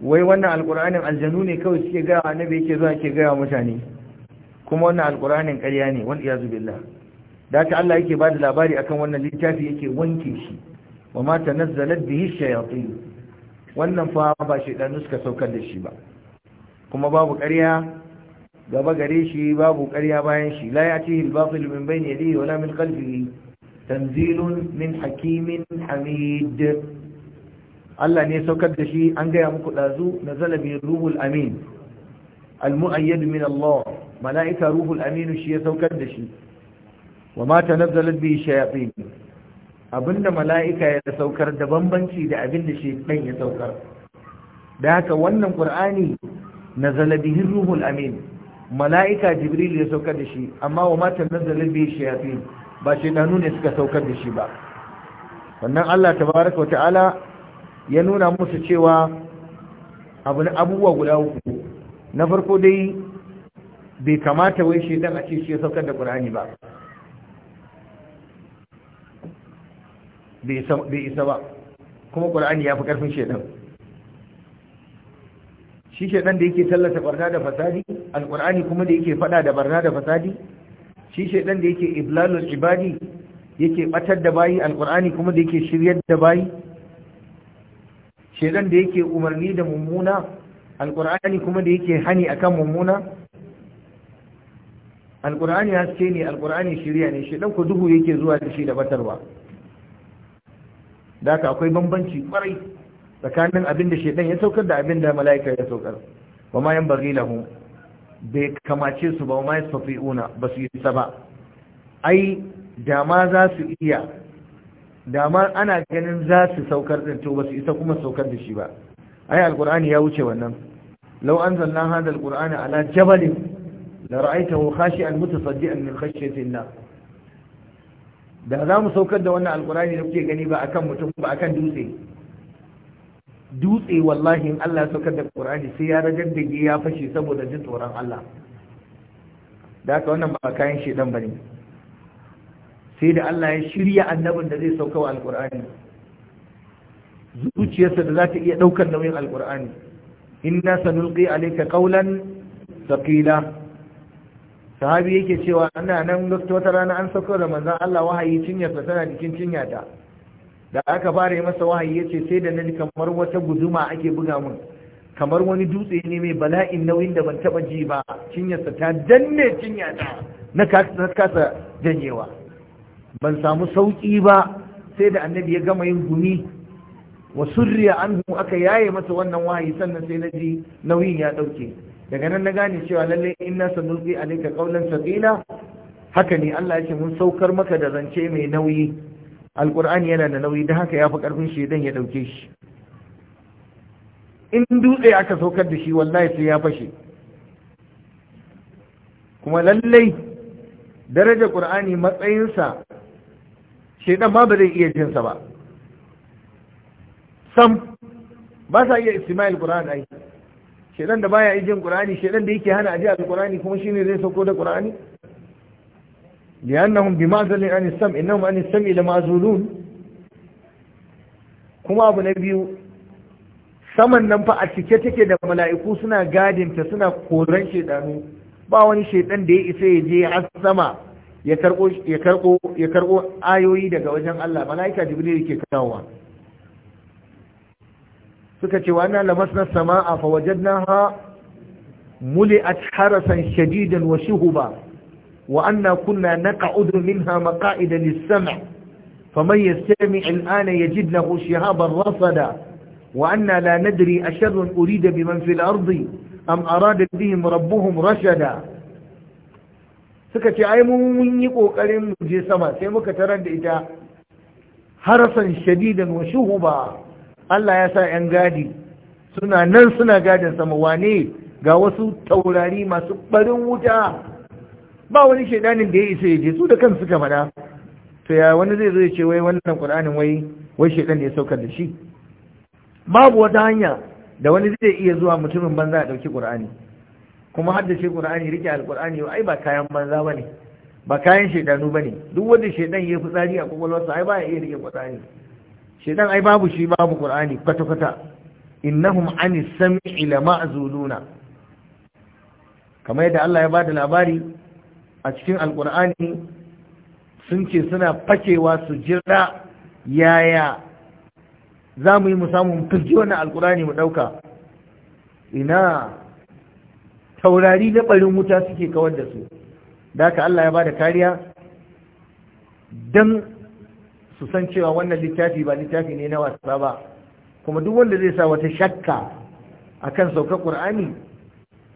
wai wannan alƙur'anin aljanu ne kawai suke gaya annabi yake zuwa ke gaya mutane kuma wannan alkur'anin ƙarya ne wani iyazu billah da ta Allah yake ba da labari akan wannan littafi yake wanke shi wa ma tanazzalat da shayatin wannan fa ba dan nuska saukar da shi ba kuma babu ƙarya gaba gare shi babu ƙarya bayan shi la ya'tihi al-batil min bayni yadihi wala min qalbihi tanzilun min hakimin hamid Allah ne saukar da shi an gaya muku dazu nazala bi ruhul amin al-mu'ayyad min Allah mala'ika ruhul amin shi ya saukar da shi wa ma tanazzalat bi shayatin Abin da mala'ika ya saukar da bambanci da abinda shi ɗan ya saukar da haka wannan ƙur'ani na zalabihin ruhul amin mala'ika jibril ya saukar da shi amma wa matan na zalabi shayafi ba shaidanu ne suka saukar da shi ba wannan allah tabaraka wa ta'ala ya nuna musu cewa abu na abubuwa guda uku na farko dai bai kamata wai shaidan a ce shi ya saukar da ƙur'ani ba bai isa ba kuma ƙur'ani ya fi ƙarfin shaidan shi shaidan da yake tallata barna da fasadi alƙur'ani kuma da yake faɗa da barna da fasadi shi shaidan da yake iblalul ibadi yake ɓatar da bayi alƙur'ani kuma da yake shiryar da bayi shaidan da yake umarni da mummuna alƙur'ani kuma da yake hani akan mummuna alƙur'ani haske ne alƙur'ani shirya ne shaidan ku duhu yake zuwa da shi da batarwa da haka akwai bambanci kwarai tsakanin abin da shedan ya saukar da abin da mala'ika ya saukar wa ma yan bagi lahu bai kamace su ba wa ma yastafi'una ba su yi ba ai da ma za su iya da ma ana ganin za su saukar din to ba su isa kuma saukar da shi ba ai alqur'ani ya wuce wannan law anzalna hadha alqur'ana ala jabalin la ra'aytahu khashi'an mutasaddian min khashyati Allah da za mu saukar da wannan alkurani da kuke gani ba akan mutum ba akan dutse dutse wallahi in Allah ya saukar da alkurani sai ya ragar da ya fashe saboda jin tsoron Allah da haka wannan ba kayan shedan bane sai da Allah ya shirya annabin da zai sauka wa alkurani zuciyarsa da za ta iya daukar nauyin alkurani inna sanulqi alayka qawlan thaqila sahabi yake cewa ana nan wata rana an sauko da manzan Allah wahayi cinyarsa tana jikin ta. da aka fara yi masa wahayi ya ce sai da na kamar wata guduma ake buga mun kamar wani dutse ne mai bala'in nauyin da ban taba ji ba cinyarsa ta danne ta na kasa janyewa ban samu sauki ba sai da annabi ya gama yin gumi wa surriya anhu aka yaye masa wannan wahayi sannan sai na ji nauyin ya dauke daga nan na gane cewa lalle inna sanulqi alayka qawlan thaqila haka ne Allah ya ce mun saukar maka da zance mai nauyi alqur'ani yana da nauyi dan haka yafi karfin shedan ya dauke shi in dutse aka saukar da shi wallahi sai ya fashe kuma lallai daraja qur'ani matsayinsa shedan ma ba zai iya jinsa ba sam ba sa iya istima'il qur'ani shedan da baya ijin qur'ani shedan da yake hana aje alqur'ani kuma shine zai sauko da qur'ani li'annahum bima'zalin an sam innahum an sam ila mazulun kuma abu na biyu saman nan fa a cike take da mala'iku suna gadin ta suna koran shedanu ba wani shedan da ya isa ya je har sama ya karbo ya karbo ya karbo ayoyi daga wajen Allah mala'ika jibril yake kawowa suka ce wa annal masna sama'a fa wajadnaha muli'at harasan shadidan wa shuhuba wa anna kunna naq'udu minha maqa'ida lis-sam' faman yastami' al-ana yajid lahu shihaban rasada wa anna la nadri asharrun urida biman fil ardi am arada bihim rabbuhum rashada suka ce ai mun yi kokarin mu je sama sai muka tarar da ita harasan shadidan wa shuhuba Allah ya sa 'yan gadi suna nan suna gadin sama wane ga wasu taurari masu barin wuta ba wani shaidanin da ya isa ya je su da kansu suka mana to ya wani zai zo ya ce wai wannan qur'anin wai wai shaidan da ya saukar da shi babu wata hanya da wani zai iya zuwa mutumin banza a dauki ƙur'ani. kuma haddace qur'ani rike yau, ai ba kayan banza ba ne, ba kayan shaidanu ba ne. duk wanda shaidan ya fi tsari a ƙwaƙwalwarsa ai ba ya iya rike ƙur'ani. shedan ai babu shi babu qur'ani kwata kwata innahum anis kamar yadda Allah ya bada labari a cikin alqur'ani sun ce suna fakewa su jira yaya za mu yi mu samu wannan alqur'ani mu ɗauka. ina taurari na barin wuta suke kawar da su da Allah ya bada kariya dan su san cewa wannan littafi ba littafi ne na wasa ba kuma duk wanda zai sa wata shakka akan saukar ƙur'ani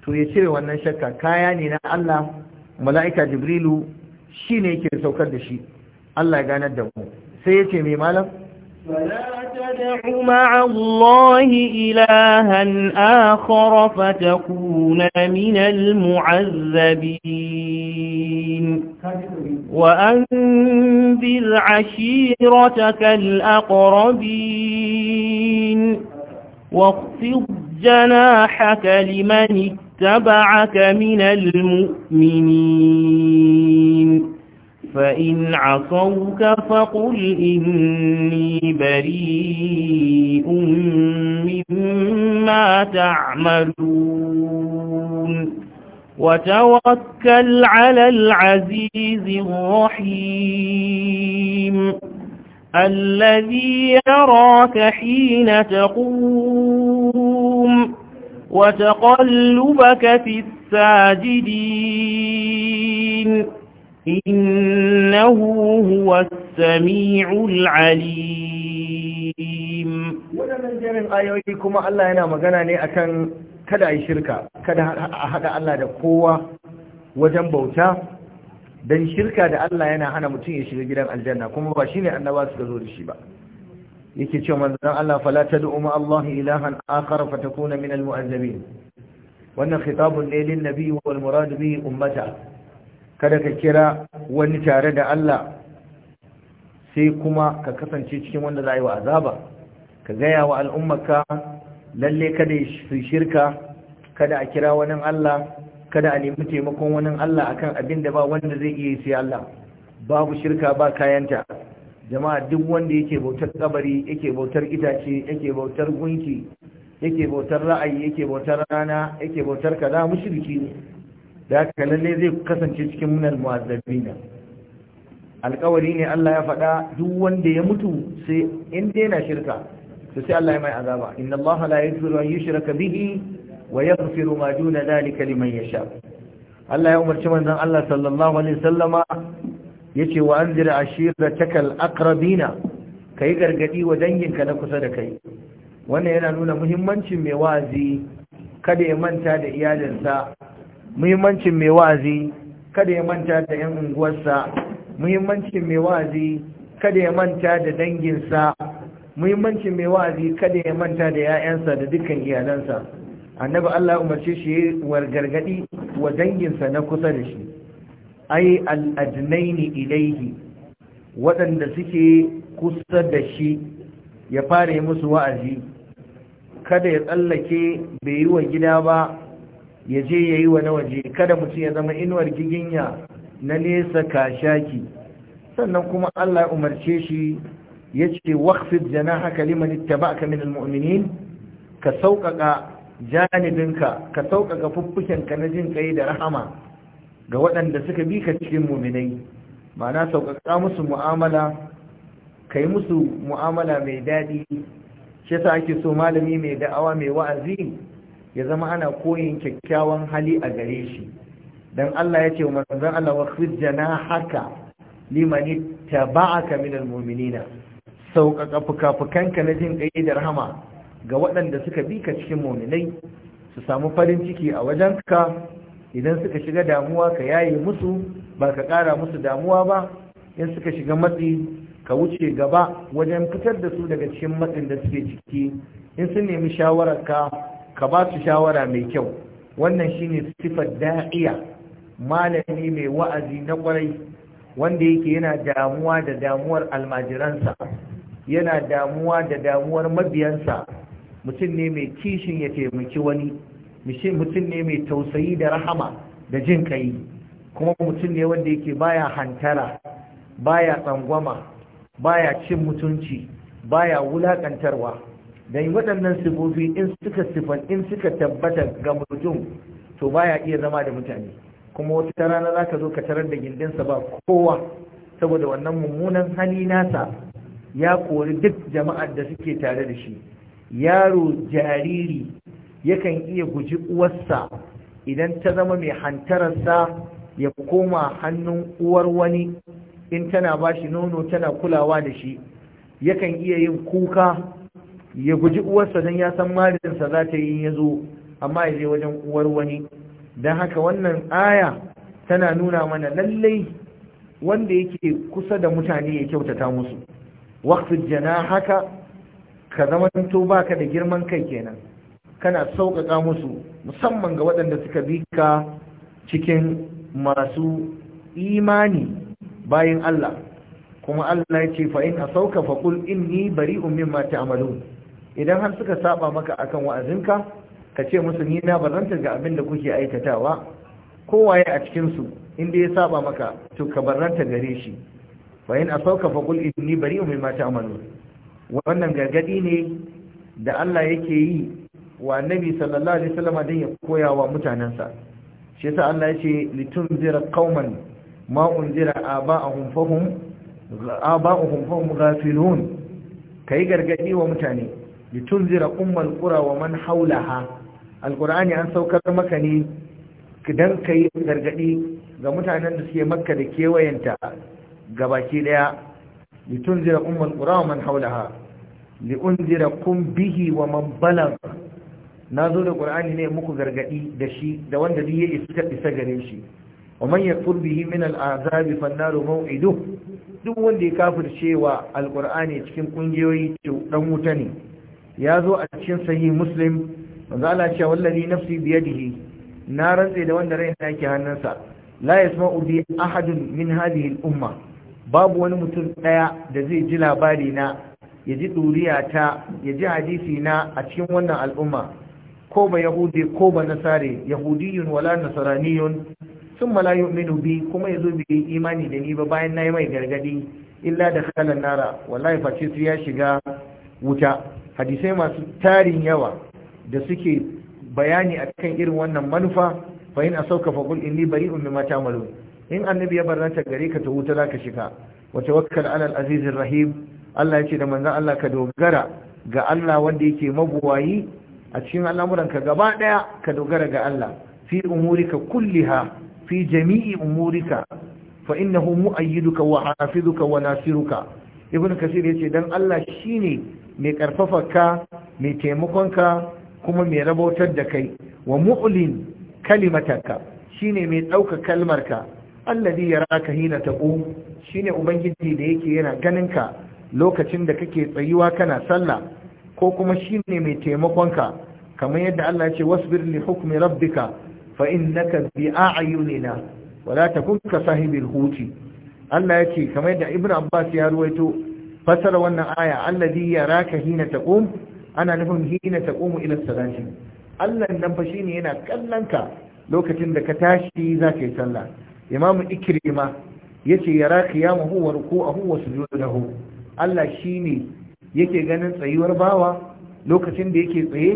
to ya cire wannan shakka kaya ne na Allah mala'ika jibrilu shi shine yake saukar da shi Allah ya ganar da mu sai ya ce mai malam فلا تدع مع الله إلها آخر فتكون من المعذبين وأنذر عشيرتك الأقربين واخفض جناحك لمن اتبعك من المؤمنين فإن عصوك فقل إني بريء مما تعملون وتوكل على العزيز الرحيم الذي يراك حين تقوم وتقلبك في الساجدين إنه هو السميع العليم waɗannan jerin ayoyi kuma Allah yana magana ne akan kada a shirka kada a haɗa Allah da kowa wajen bauta don shirka da Allah yana hana mutum ya shiga gidan aljanna kuma ba shine annaba suka zo da shi ba yake cewa manzon Allah fala tad'u ma Allah ilahan akhar fatakuna min al-mu'azzabin wannan khitabun ne lin nabi wal murad bi ummata kada ka kira wani tare da Allah sai kuma ka kasance cikin wanda za a yi wa azaba ka gaya wa al’ummaka lalle kada su shirka kada a kira wani Allah kada a nemi taimakon wani Allah akan abin da ba wanda zai iya sai Allah babu shirka ba kayanta jama'a duk wanda yake bautar kabari yake bautar itace yake bautar gunki yake bautar ra'ayi yake bautar rana yake bautar kaza mushriki ne da haka lalle zai kasance cikin minal mu'azzabina alƙawari ne Allah ya faɗa duk wanda ya mutu sai in daina shirka to sai Allah ya mai azaba inna Allah la yaghfiru an yushraka bihi wa yaghfiru ma duna dhalika liman yasha Allah ya umarci manzon Allah sallallahu alaihi wasallama yace wa anzir ashirataka al-aqrabina kai gargadi wa danginka na kusa da kai wannan yana nuna muhimmancin mai wa'azi kada ya manta da iyalinsa muhimmancin mai wa'azi kada ya manta da 'yan unguwarsa muhimmancin mai wa'azi kada ya manta da danginsa muhimmancin mai wa'azi kada ya manta da 'ya'yansa da dukkan iyalansa annabi Allah umarce shi war gargadi wa danginsa na kusa da shi ai al al-adnaini ilaihi waɗanda suke kusa da shi ya fara musu wa'azi kada ya tsallake bai yi wa gida ba ya je ya yi wani waje kada mutum ya zama inuwar giginya na nesa kashaki sannan kuma Allah ya umarce shi ya ce waqfid janahaka liman ittaba'aka min almu'minin ka sauƙaƙa janibinka ka sauƙaƙa fuffukenka na jin kai da rahama ga waɗanda suka bi ka cikin mu'minai ma'ana sauƙaƙa musu mu'amala kai musu mu'amala mai daɗi shi yasa ake so malami mai da'awa mai wa'azi ya zama ana koyin kyakkyawan hali a gare shi dan Allah ya ce wa manzon Allah wa khrijana haka liman taba'aka min mu'minina sauƙaƙa fuka-fukanka na jin ƙai da rahama ga waɗanda suka bi ka cikin mu'minai su samu farin ciki a wajenka idan suka shiga damuwa ka yaye musu ba ka ƙara musu damuwa ba in suka shiga matsi ka wuce gaba wajen fitar da su daga cikin matsin da suke ciki in sun nemi shawararka ka ba su shawara mai kyau wannan shine sifar da'iya malami mai wa'azi na kwarai wanda yake yana damuwa da damuwar almajiransa yana damuwa da damuwar mabiyansa mutum ne mai kishin ya taimaki wani mutum ne mai tausayi da rahama da jin kai kuma mutum ne wanda yake baya hantara baya tsangwama baya cin mutunci baya wulakantarwa dan waɗannan sifofi in suka sifan in suka tabbata ga mutum to baya iya zama da mutane kuma wata rana za ka zo ka tarar da gindinsa ba kowa saboda wannan mummunan hali nasa ya kori duk jama'ar da suke tare da shi yaro jariri yakan iya guji uwarsa idan ta zama mai hantararsa ya koma hannun uwar wani in tana ba shi nono tana kulawa da shi yakan iya yin kuka ya guji uwarsa don ya san marinsa za ta yi ya zo amma ya je wajen uwar wani don haka wannan aya tana nuna mana lallai wanda yake kusa da mutane ya kyautata musu waqfid haka ka zamanto baka da girman kai kenan kana sauƙaƙa musu musamman ga waɗanda suka bi ka cikin masu imani bayan Allah kuma Allah ya ce fa in asauka fa qul inni bari'un mimma ta'malun idan har suka saba maka akan wa'azinka ka ce musu ni na barranta ga abin da kuke aikatawa kowaye a cikinsu inda ya saba maka to ka barranta gare shi bayan a sauka faƙul inni bari umar mata amalu wannan gargadi ne da Allah yake yi wa annabi sallallahu alaihi wasallam don ya koya wa mutanensa shi yasa Allah ya ce litunzira qauman ma unzira aba'ahum fahum aba'ahum fahum ghafilun kai gargadi wa mutane litunzira ummal qura wa man haulaha alqur'ani an saukar maka ne kidan kai gargadi ga mutanen da suke makka da kewayenta gabaki daya litunzira ummal qura wa man haulaha liunzirakum bihi wa man balagha nazo da qur'ani ne muku gargadi da shi da wanda duk ya isa gare shi wa man yakfur bihi min al'azabi fannaru maw'iduh duk wanda ya kafircewa alqur'ani cikin kungiyoyi dan wuta ne ya zo a cikin sahih muslim manzo Allah cewa wallahi nafsi biyadihi na rantse da wanda rai na yake hannunsa la yasma'u ubi ahadun min hadhihi al-umma babu wani mutum daya da zai ji labari na ya ji duriya ta ya ji hadisi na a cikin wannan al'umma ko ba yahudi ko ba nasare yahudiyun wala nasaraniyun sun la yu'minu bi kuma yazo bi imani da ni ba bayan na yi mai gargadi illa da khalan nara wallahi face su ya shiga wuta hadisai masu tarin yawa da suke bayani a kan irin wannan manufa fa in asauka bari qul inni bari'un mimma ta'malun in annabi ya barranta gare ka ta huta zaka shiga wa tawakkal alal al rahim Allah yace da manzon Allah ka dogara ga Allah wanda yake mabuwayi a cikin al'amuranka gaba daya ka dogara ga Allah fi umurika kulliha fi jami'i umurika fa innahu mu'ayyiduka wa hafizuka wa nasiruka ibn kasir yace dan Allah shine mai karfafarka mai taimakonka kuma mai rabotar da kai wa mu'ulin kalimatarka shine mai ɗauka kalmarka alladhi yaraka hina Shi ne ubangiji da yake yana ganinka lokacin da kake tsayuwa kana sallah ko kuma shi ne mai taimakonka kamar yadda Allah ya ce wasbir li hukumi rabbika fa innaka bi a'yunina wala takun ka sahibil huti Allah ya ce kamar yadda Ibrahim Abbas ya ruwaito fasara wannan aya allazi yaraka hina taqum ana nufin hina taqumu ila salati Allah nan fa shine yana kallon ka lokacin da ka tashi zaka yi sallah imamu ikrima yace yara qiyamuhu wa ruku'uhu wa sujudahu Allah shine yake ganin tsayuwar bawa lokacin da yake tsaye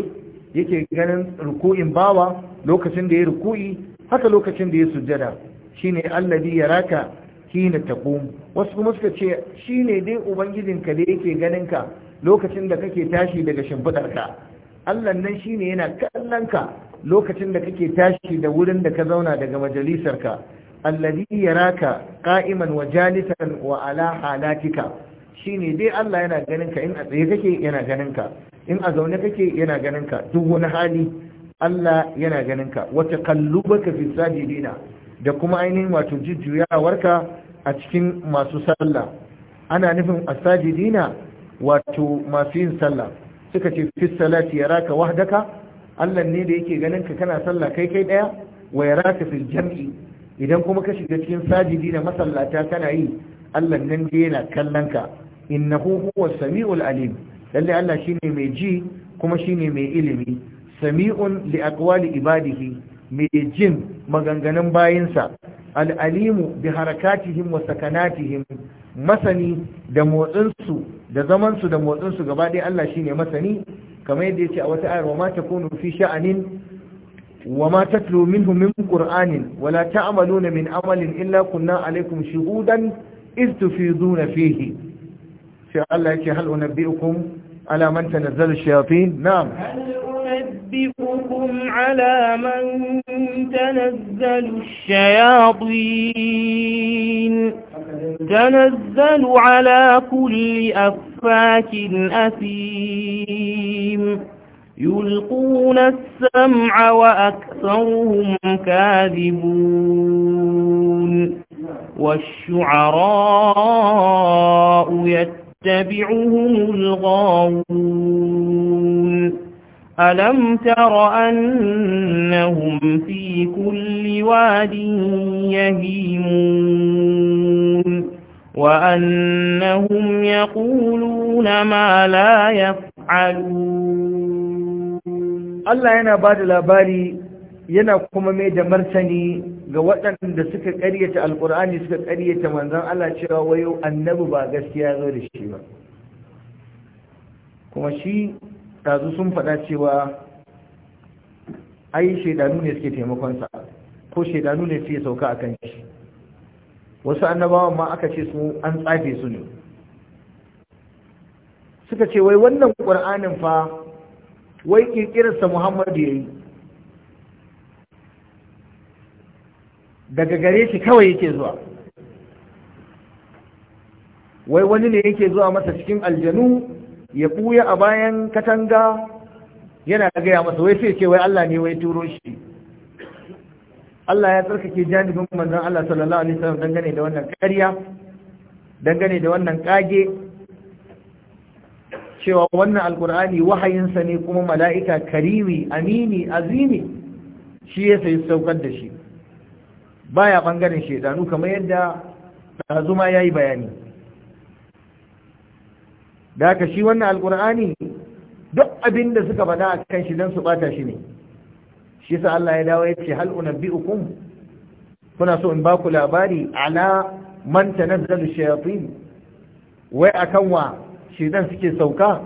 yake ganin ruku'in bawa lokacin da ya ruku'i haka lokacin da ya sujjada shine allazi yaraka hina kuma wasu kuma suka ce ne dai ubangijinka da yake ganin ka lokacin da kake tashi daga shimfidarka Allah nan ne yana kallon ka lokacin da kake tashi da wurin da ka zauna daga majalisarka alladhi yaraka qa'iman wa jalisan wa ala halatika shine dai Allah yana ganin ka in a tsaye kake yana ganin ka in a zaune kake yana ganin ka duk wani hali Allah yana ganin ka wa taqallubaka fi sajidina da kuma ainihin wato jujjuyawarka a cikin masu sallah ana nufin asajidina wato masu yin sallah suka ce fi salati yaraka wahdaka Allah ne da yake ganin ka kana sallah kai kai daya wa yaraka fil jam'i idan kuma ka shiga cikin sajidina masallata kana yi Allah nan da yana kallon ka innahu huwa samiul alim lalle Allah shine mai ji kuma shine mai ilimi sami'un li aqwali ibadihi mai jin maganganun bayinsa al'alimu bi harakatihim wa sakanatihim masani da motsinsu da zamansu da motsinsu gaba ɗaya Allah shi ne masani kamar yadda ya ce a wata ayar wa mata kunu fi sha'anin wa ma tatlu minhu min wala wa la min amalin illa kunna alaikum shuhudan iz tufiduna fihi sai Allah ya ce hal unabbiukum alamanta man tanazzalu na'am أنبئكم على من تنزل الشياطين تنزل على كل أفاك أثيم يلقون السمع وأكثرهم كاذبون والشعراء يتبعهم الغاوون ألم تر أنهم في كل واد يهيمون وأنهم يقولون ما لا يفعلون الله أنا بعد لبالي yana kuma mai da martani ga waɗanda suka ƙaryata alƙur'ani suka ƙaryata manzan Allah cewa wayo annabi ba gaskiya zo da shi ba kuma shi ɗazu sun faɗa cewa ai shaidanu ne suke taimakonsa ko shaidanu ne suke sauka a kan shi wasu annabawan ma aka ce su an tsafe su ne suka ce wai wannan ƙur'anin fa wai ƙirƙirarsa muhammadu ya yi daga gare shi kawai yake zuwa wai wani ne yake zuwa masa cikin aljanu ya buya a bayan katanga yana gaya masa wai sai ce wai Allah ne wai turo shi Allah ya tsarkake janibin manzon Allah sallallahu alaihi wasallam dangane da wannan ƙarya dangane da wannan kage cewa wannan alkur'ani wahayinsa ne kuma mala'ika karimi amini azimi shi ya sayi saukar da shi baya bangaren shedanu kamar yadda zuma ya yi bayani da haka shi wannan alkur'ani duk abin da suka faɗa a kan shi don su bata shi ne shi sa Allah ya dawo ya ce hal unabbi'ukum kuna so in ba ku labari ala man tanazzalu shayatin wai akan wa shedan suke sauka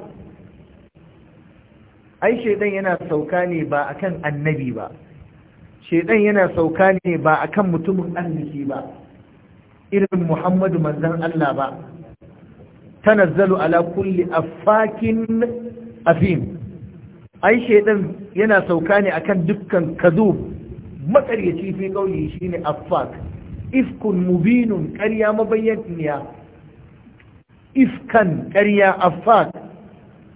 ai shedan yana sauka ne ba akan annabi ba shedan yana sauka ne ba akan mutumin arziki ba irin Muhammadu manzon Allah ba tanazzalu ala kulli afakin afim ai shedan yana sauka ne akan dukkan Kadub. makaryaci fi kauli shine afak ifkun mubinun ƙarya mabayyaniya ifkan ƙarya afak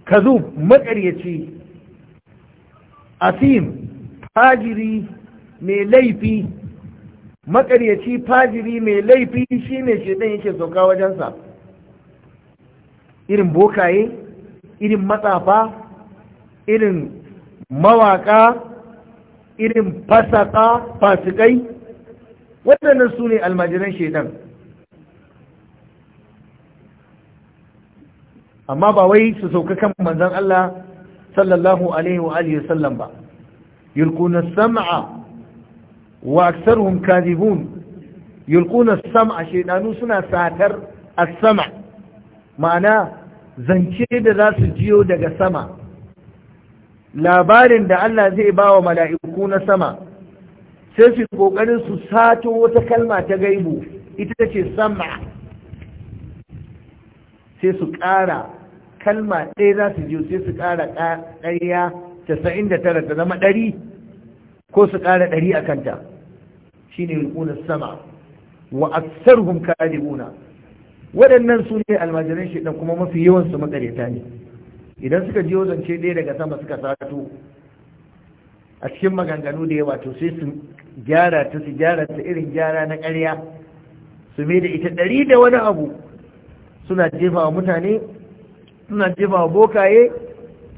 Kadub makaryaci asim fajiri mai laifi makaryaci fajiri mai laifi shine shedan yake sauka wajensa irin bokaye irin matsafa irin mawaka irin fasaka fasikai waɗannan su ne almajiran shaidan amma ba wai su sauka kan manzan Allah sallallahu alaihi wa alihi sallam ba yulquna sam'a wa aktsaruhum kadhibun yulquna sam'a shaydanu suna satar as-sam' ma'ana zance da za su jiyo daga sama labarin da Allah zai ba wa mala'iku na sama sai su ƙoƙarin su sato wata kalma ta gaibu ita ce sama sai su ƙara kalma ɗaya za su jiyo sai su ƙara ɗaya casa'in da tara ta zama ɗari ko su ƙara ɗari a kanta shi ne sama wa aksarhum kadibuna waɗannan su ne almajiran shaidan kuma mafi yawan su makareta ne idan suka ji zance ɗaya daga sama suka sato a cikin maganganu da yawa to sai su gyara ta su gyara ta irin gyara na ƙarya su mai da ita ɗari da wani abu suna jefa wa mutane suna jefa wa bokaye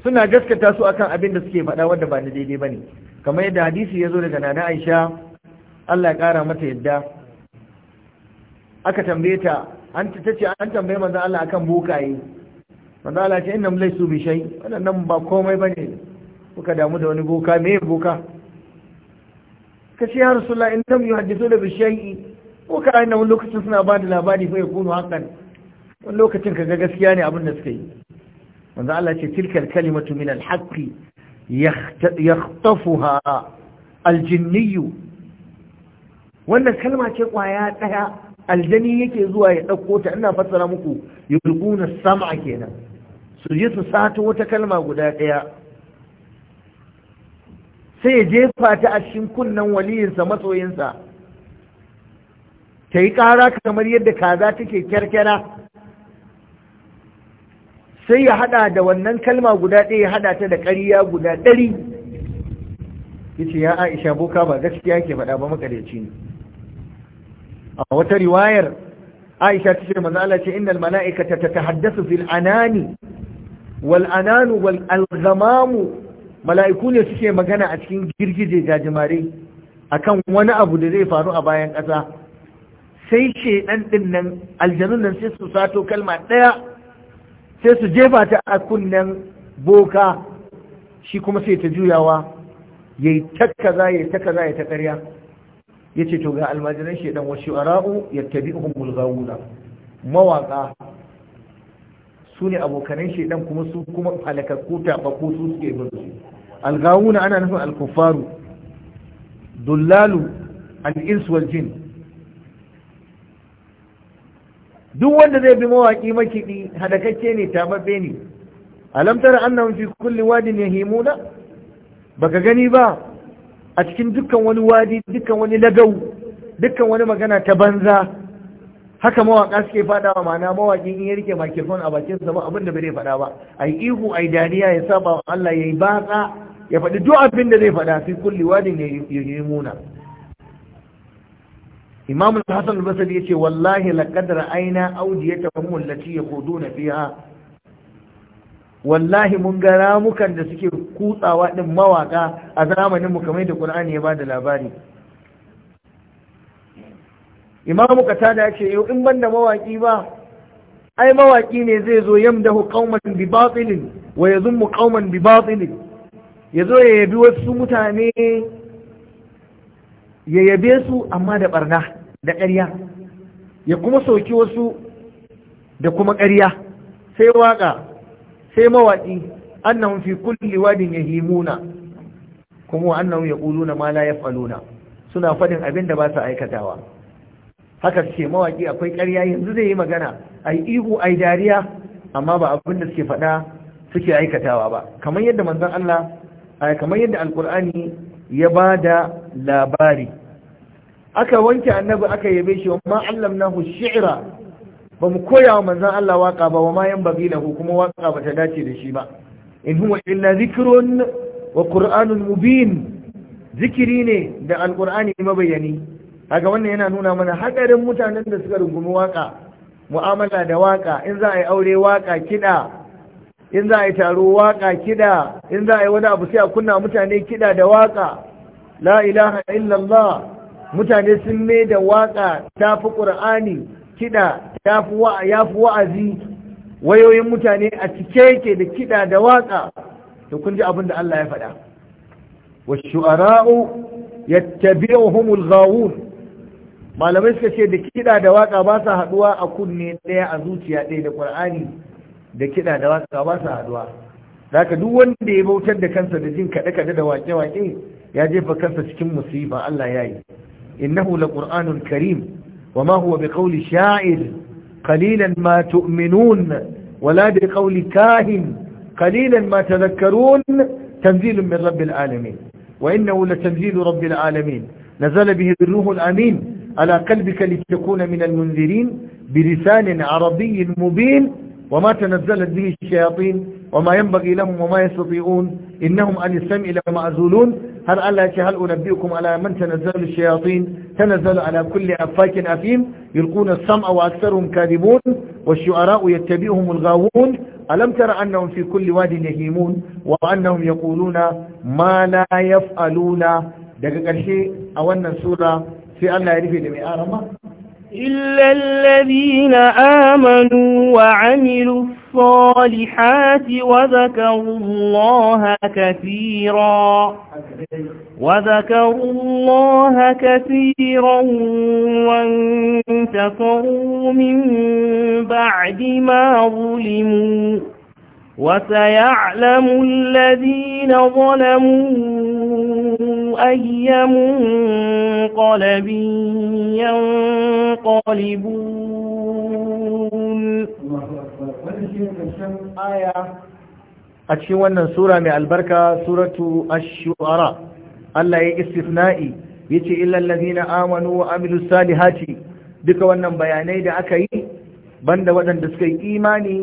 suna gaskata su akan abin da suke faɗa wanda ba na daidai ba ne kamar yadda hadisi ya zo daga nana aisha allah ya ƙara mata yadda aka tambaye ta an ta ce an tambaye manzo Allah akan bokaye manzo Allah ce innam laysu bi shay wannan ba komai bane kuka damu da wani boka me boka kace ya rasulullah innam da bi shay boka ina wani lokacin suna ba da labari fa yakunu hakan wani lokacin kaga gaskiya ne abin da suka yi manzo Allah ce tilkal kalimatu min al Ya yakhtafuha ha jinni wannan kalma ce kwaya daya aljani yake zuwa ya ɗauko ta ina fassara muku yulquna sam'a kenan su je su sato wata kalma guda ɗaya sai ya jefa ta a cikin kunnen waliyinsa matsoyin ta yi ƙara kamar yadda kaza take kyarkyara sai ya hada da wannan kalma guda ɗaya ya hada ta da ƙarya guda ɗari yace ya aisha boka ba gaskiya yake faɗa ba makareci ne a wata riwayar aisha ta ce manzo ala ce innal mala'ikata ta fil anani wal ananu wal mala'iku ne suke magana a cikin girgije a kan wani abu da zai faru a bayan ƙasa sai shedan ɗan nan aljanun nan sai su sato kalma ɗaya sai su jefa ta a kunnen boka shi kuma sai ta juyawa yi ta kaza yi ta kaza ya ta ƙarya yace to ga almajiran shedan ya shu'ara'u yattabi'uhum bulghawuna mawaka su ne abokanan shedan kuma su kuma halakakku ko su suke bin su alghawuna ana nufin alkufaru dullalu al-ins wal jin duk wanda zai bi mawaki makidi hadakacce ne tababbe ne alam tara annahum fi kulli wadin yahimuna baka gani ba a cikin dukkan wani wadi dukkan wani lagau dukkan wani magana ta banza haka mawaka suke wa ma'ana mawakin in ya rike makirfon a bakin sa ba abin da bai faɗa ba ai ihu ai dariya ya saba wa Allah ya yi batsa ya faɗi duk abin da zai faɗa sai kulli wadin ya yi muna Imam Hassan al-Basri yace wallahi laqad ra'ayna awdiyatahum allati yakhuduna fiha wallahi mun ga ramukan da suke kutsawa din mawaka a zamanin mu kamar da Qur'ani ya bada labari Imam Katada ce yau in banda mawaki ba ai mawaki ne zai zo yamdahu qauman bi batilin wa yazummu qauman bi batilin yazo ya yabi wasu mutane ya yabe su amma da barna da ƙarya ya kuma soki wasu da kuma ƙarya sai waka sai mawaƙi annahum fi kulli wadin yahimuna kuma annahum yaquluna ma la yaf'aluna suna fadin abin da ba su aikatawa haka suke mawaƙi akwai ƙarya yanzu zai yi magana ai ihu ai dariya amma ba abin da suke faɗa suke aikatawa ba kamar yadda manzon Allah kamar yadda alkur'ani ya ba da labari aka wanke annabi aka yabe shi amma allamnahu na shi'ira ba mu koya wa manzan Allah waka ba wa ma yan bagi lahu kuma waka ba ta dace da shi ba in huwa illa zikrun wa qur'anun mubin zikiri ne da alqur'ani mabayani kaga wannan yana nuna mana hadarin mutanen da suka rungumi waka mu'amala da waka in za a yi aure waka kiɗa, in za a yi taro waka kiɗa, in za a yi wani abu sai a kunna mutane kiɗa da waƙa, la ilaha illallah mutane sun mai da ta fi qur'ani kiɗa ya fi wa'azi wayoyin mutane a cike yake da kiɗa da waƙa to kun ji abin da Allah ya faɗa wa shu'ara'u humul gawun. malamai suka ce da kiɗa da waƙa ba sa haɗuwa a kunne ɗaya a zuciya ɗaya da ƙur'ani da kiɗa da waƙa ba sa haɗuwa zaka duk wanda ya bautar da kansa da jin kaɗe-kaɗe da waƙe-waƙe ya jefa kansa cikin musiba Allah ya yi innahu ƙur'anun karim وما هو بقول شاعر قليلا ما تؤمنون ولا بقول كاهن قليلا ما تذكرون تنزيل من رب العالمين وإنه لتنزيل رب العالمين نزل به الروح الأمين على قلبك لتكون من المنذرين بلسان عربي مبين وما تنزلت به الشياطين وما ينبغي لهم وما يستطيعون إنهم عن السمع لمعزولون هل ألا هل أنبئكم على من تنزل الشياطين تنزل على كل أفاك أثيم يلقون السمع وأكثرهم كاذبون والشعراء يتبعهم الغاوون ألم تر أنهم في كل واد يهيمون وأنهم يقولون ما لا يفعلون دقق شيء او ان السوره في Allah ya rufe إلا الذين آمنوا وعملوا الصالحات وذكروا الله كثيرا وذكروا الله كثيرا وانتصروا من بعد ما ظلموا وسيعلم الذين ظلموا أي منقلب ينقلبون a cikin wannan sura mai albarka suratu ash-shu'ara Allah ya istifna'i yace illal ladina amanu wa amilus salihati duka wannan bayanai da aka yi banda waɗanda suka yi imani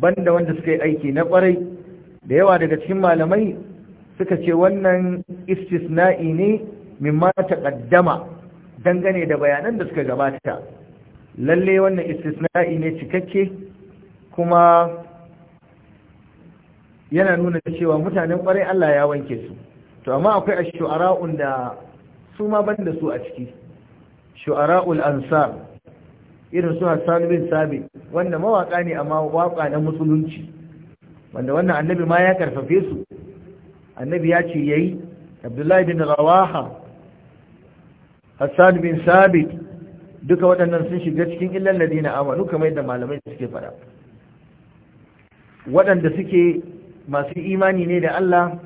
banda wanda suka yi aiki na kwarai da yawa daga cikin malamai suka ce wannan istisna'i ne mimma taqaddama dangane da bayanan da suka gabata lalle wannan istisna'i ne cikakke kuma yana nuna cewa mutanen kwarai Allah ya wanke su to amma akwai a shuaraun da su ma banda su a ciki shu'ara'ul ansar irin su Hassan bin Sabi wanda mawaka ne amma waka na musulunci wanda wannan annabi ma ya karfafe su annabi ya ce yayi Abdullahi bin Rawaha Hassan bin duka waɗannan sun shiga cikin illal ladina amanu kamar yadda malamai suke faɗa. waɗanda suke masu imani ne da Allah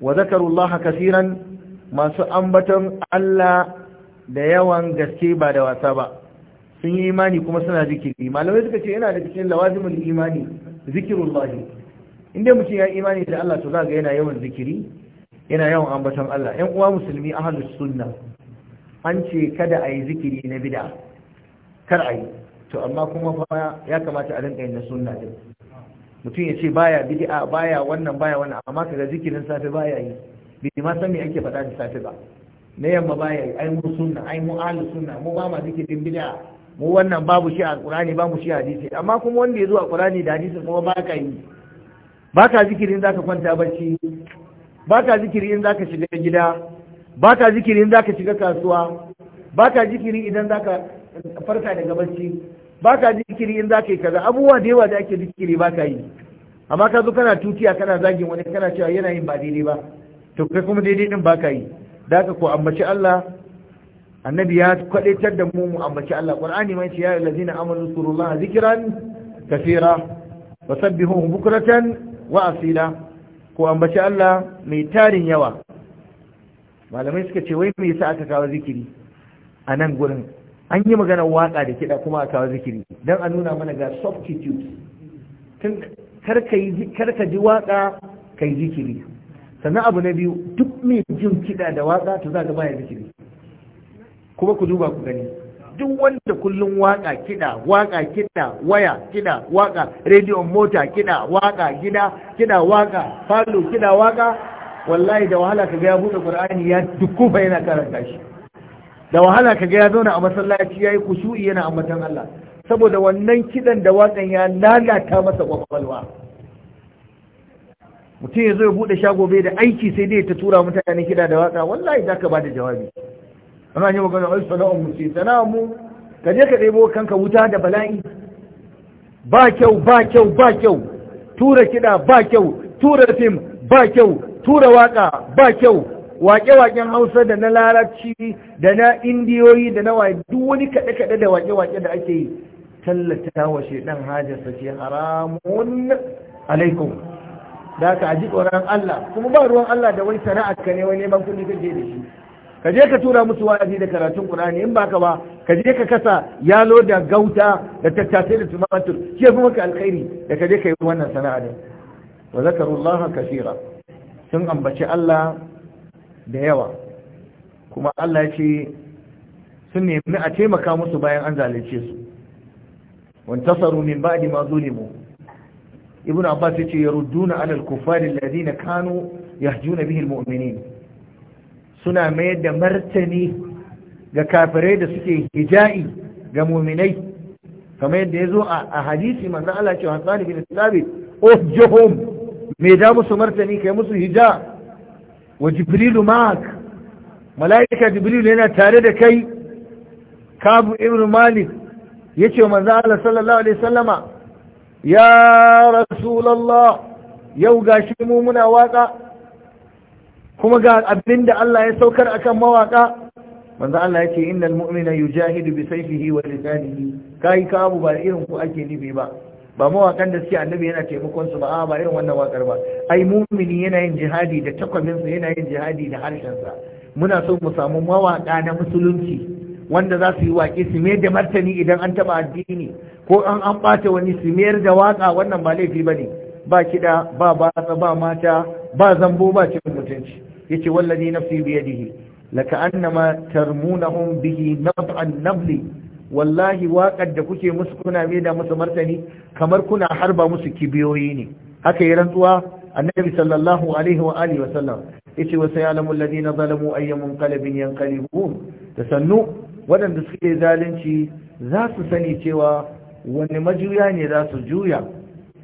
wa zakarullaha kasiran masu ambaton Allah da yawan gaske ba da wasa ba sun yi imani kuma suna zikiri malamai suka ce yana da cikin lawazimin imani lahi inda mutum ya imani da Allah to zaka yana yawan zikiri yana yawan ambaton Allah ƴan uwa musulmi ahlus sunna an ce kada a yi zikiri na bid'a kar a yi. to amma kuma fa ya kamata a rinka yin na sunna din mutum ya ce baya bid'a baya wannan baya wannan amma kaga zikirin safe baya yi bai ma san me ake faɗa da safe ba na yamma baya yi ai mu sunna ai mu ahlus sunna mu ba ma zikirin bid'a mu wannan babu shi a ba mu shi a hadisi amma kuma wanda ya zo a da hadisi kuma ba ka yi ba ka zikiri in za ka kwanta barci ba ka zikiri in za ka shiga gida ba ka zikiri in za ka shiga kasuwa ba ka zikiri idan za ka farka daga barci ba ka zikiri in za ka yi kaza abubuwa da yawa da ake zikiri ba ka yi amma ka zo kana tutiya kana zagin wani kana cewa yana yin ba daidai ba to kai kuma daidai din ba ka yi da ko ambaci Allah annabi ya kwadaitar da mu mu ambaci Allah qur'ani mai ce ya allazina amanu surullaha zikran kaseera wasabbihuhu bukratan wa asila ko ambaci Allah mai tarin yawa malamai suka ce wai me yasa aka kawo zikiri a nan gurin an yi maganar waka da kiɗa kuma a kawo zikiri don a nuna mana ga substitute tun karka ji waka kai zikiri sannan abu na biyu duk mai jin kiɗa da waka to za ga baya zikiri kuma ku duba ku gani duk wanda kullum waka kiɗa waka kiɗa waya kiɗa waka rediyon mota kiɗa waka gida kiɗa waka falo kiɗa waka wallahi da wahala ka ga ya buɗe qur'ani ya dukufa yana karanta shi da wahala ka ga ya zauna a masallaci yayi kushu'i yana ambaton Allah saboda wannan kiɗan da wakan ya lalata masa kwakwalwa mutum ya zo ya buɗe shago bai da aiki sai dai ta tura mutane kiɗa da waka wallahi zaka ba da jawabi ana yi magana wai sana'ar mu ce sana'ar ka je ka ɗebo kanka wuta da bala'i ba kyau ba kyau ba kyau tura kiɗa ba kyau tura fim ba kyau tura waka ba kyau wake-waken hausa da na larabci da na indiyoyi da na waye duk wani kaɗe-kaɗe da wake-wake da ake yi tallata wa shaidan hajarsa ce haramun alaikum da aka aji tsoron Allah kuma ba ruwan Allah da wani sana'a ka ne wani neman kuɗi kake da shi ka je ka tura musu wa'azi da karatun Qur'ani in baka ba ka je ka kasa yalo da gauta da tattasai da tumatur shi fi maka alkhairi da ka je ka yi wannan sana'a ne wa zakarullaha kaseera sun ambaci Allah da yawa kuma Allah ya ce sun nemi a taimaka musu bayan an zalunce su wantasaru min ba'di ma zulimu ibnu abbas ya ce yarudduna ala al-kuffari alladhina kanu yahjuna bihi al-mu'minin suna mayar da martani ga kafirai da suke hija'i ga muminai kamar yadda ya zo a hadisi manzan Allah cewa Hassan bin Sabit oh jihom mai da musu martani kai musu hija wa jibrilu ma'ak mala'ika jibrilu yana tare da kai kabu ibn malik yace ce manzan Allah sallallahu alaihi sallama ya rasulullah yau gashi mu muna waka kuma ga abin da Allah ya saukar akan mawaka manzo Allah ya ce innal mu'mina yujahidu bi sayfihi wa lisanihi kai ka abu ba irin ku ake nibe ba ba mawakan da suke annabi yana taimakon su ba a ba irin wannan wakar ba ai mumini yana yin jihadi da takwabinsa yana yin jihadi da harshen harshensa muna so mu samu mawaka na musulunci wanda za su yi waki su mayar da martani idan an taba addini ko an an bata wani su mayar da waka. wannan ba laifi ba ne ba kiɗa ba ba mata ba zambo ba cin mutunci yace wallazi na bi yadihi laka annama tarmunahum bihi nab'an nabli wallahi waƙar da kuke musu kuna mai da musu martani kamar kuna harba musu kibiyoyi ne haka yi rantsuwa annabi sallallahu alaihi wa alihi wa sallam yace wa sayalamu alladhina zalamu ayy munqalibin yanqalibun da sannu waɗanda suke zalunci za su sani cewa wani majuya ne za su juya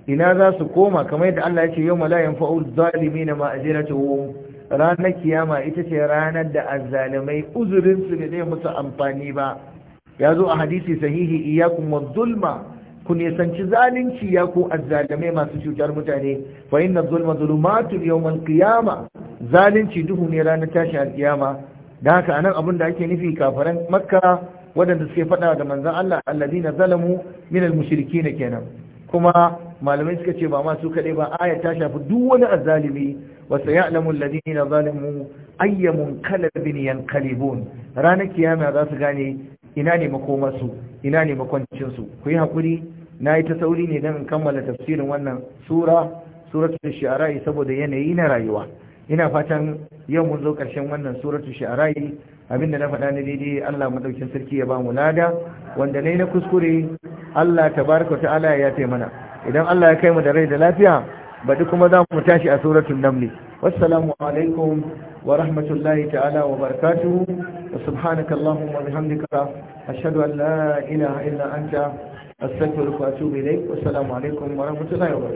ina za su koma kamar yadda Allah ya ce yau la yanfa'u zalimin ma'ajiratuhum ranar kiyama ita ce ranar da azzalimai uzurinsu ne zai musu amfani ba ya zo a hadisi sahihi iyakun wa zulma ku nisanci zalunci ya ku azzalimai masu cutar mutane fa inna zulma zulumatul yawmal qiyama zalunci duhu ne ranar tashi alkiyama da haka anan abin da ake nufi kafaran makka wadanda suke faɗa da manzon Allah alladina zalamu min almushrikin kenan kuma malamai suka ce ba ma su kaɗai ba aya ta shafi duk wani azzalimi وسيعلم الذين ظلموا أي منقلب ينقلبون رانا كياما ذات غاني إناني مقومسو إناني مقوانشنسو كويها قولي نايت سوليني دم نكمل تفسير وانا سورة سورة الشعراء سبو yanayi na رايوا ina fatan yau mun zo ƙarshen wannan suratu Abin da na faɗa na daidai Allah madaukin sarki ya bamu, lada wanda ne na kuskure Allah tabaraka ta'ala ya taimana idan Allah ya kai mu da rai da lafiya baɗi kuma za mu tashi a suratun namni wassalamu alaikum wa rahmatullahi ta'ala wa barakatuhu wa subhanaka allahumma wa bihamdika ashhadu an la ilaha illa anta astaghfiruka wa atubu ilaik wassalamu alaikum wa rahmatullahi wa barakatuh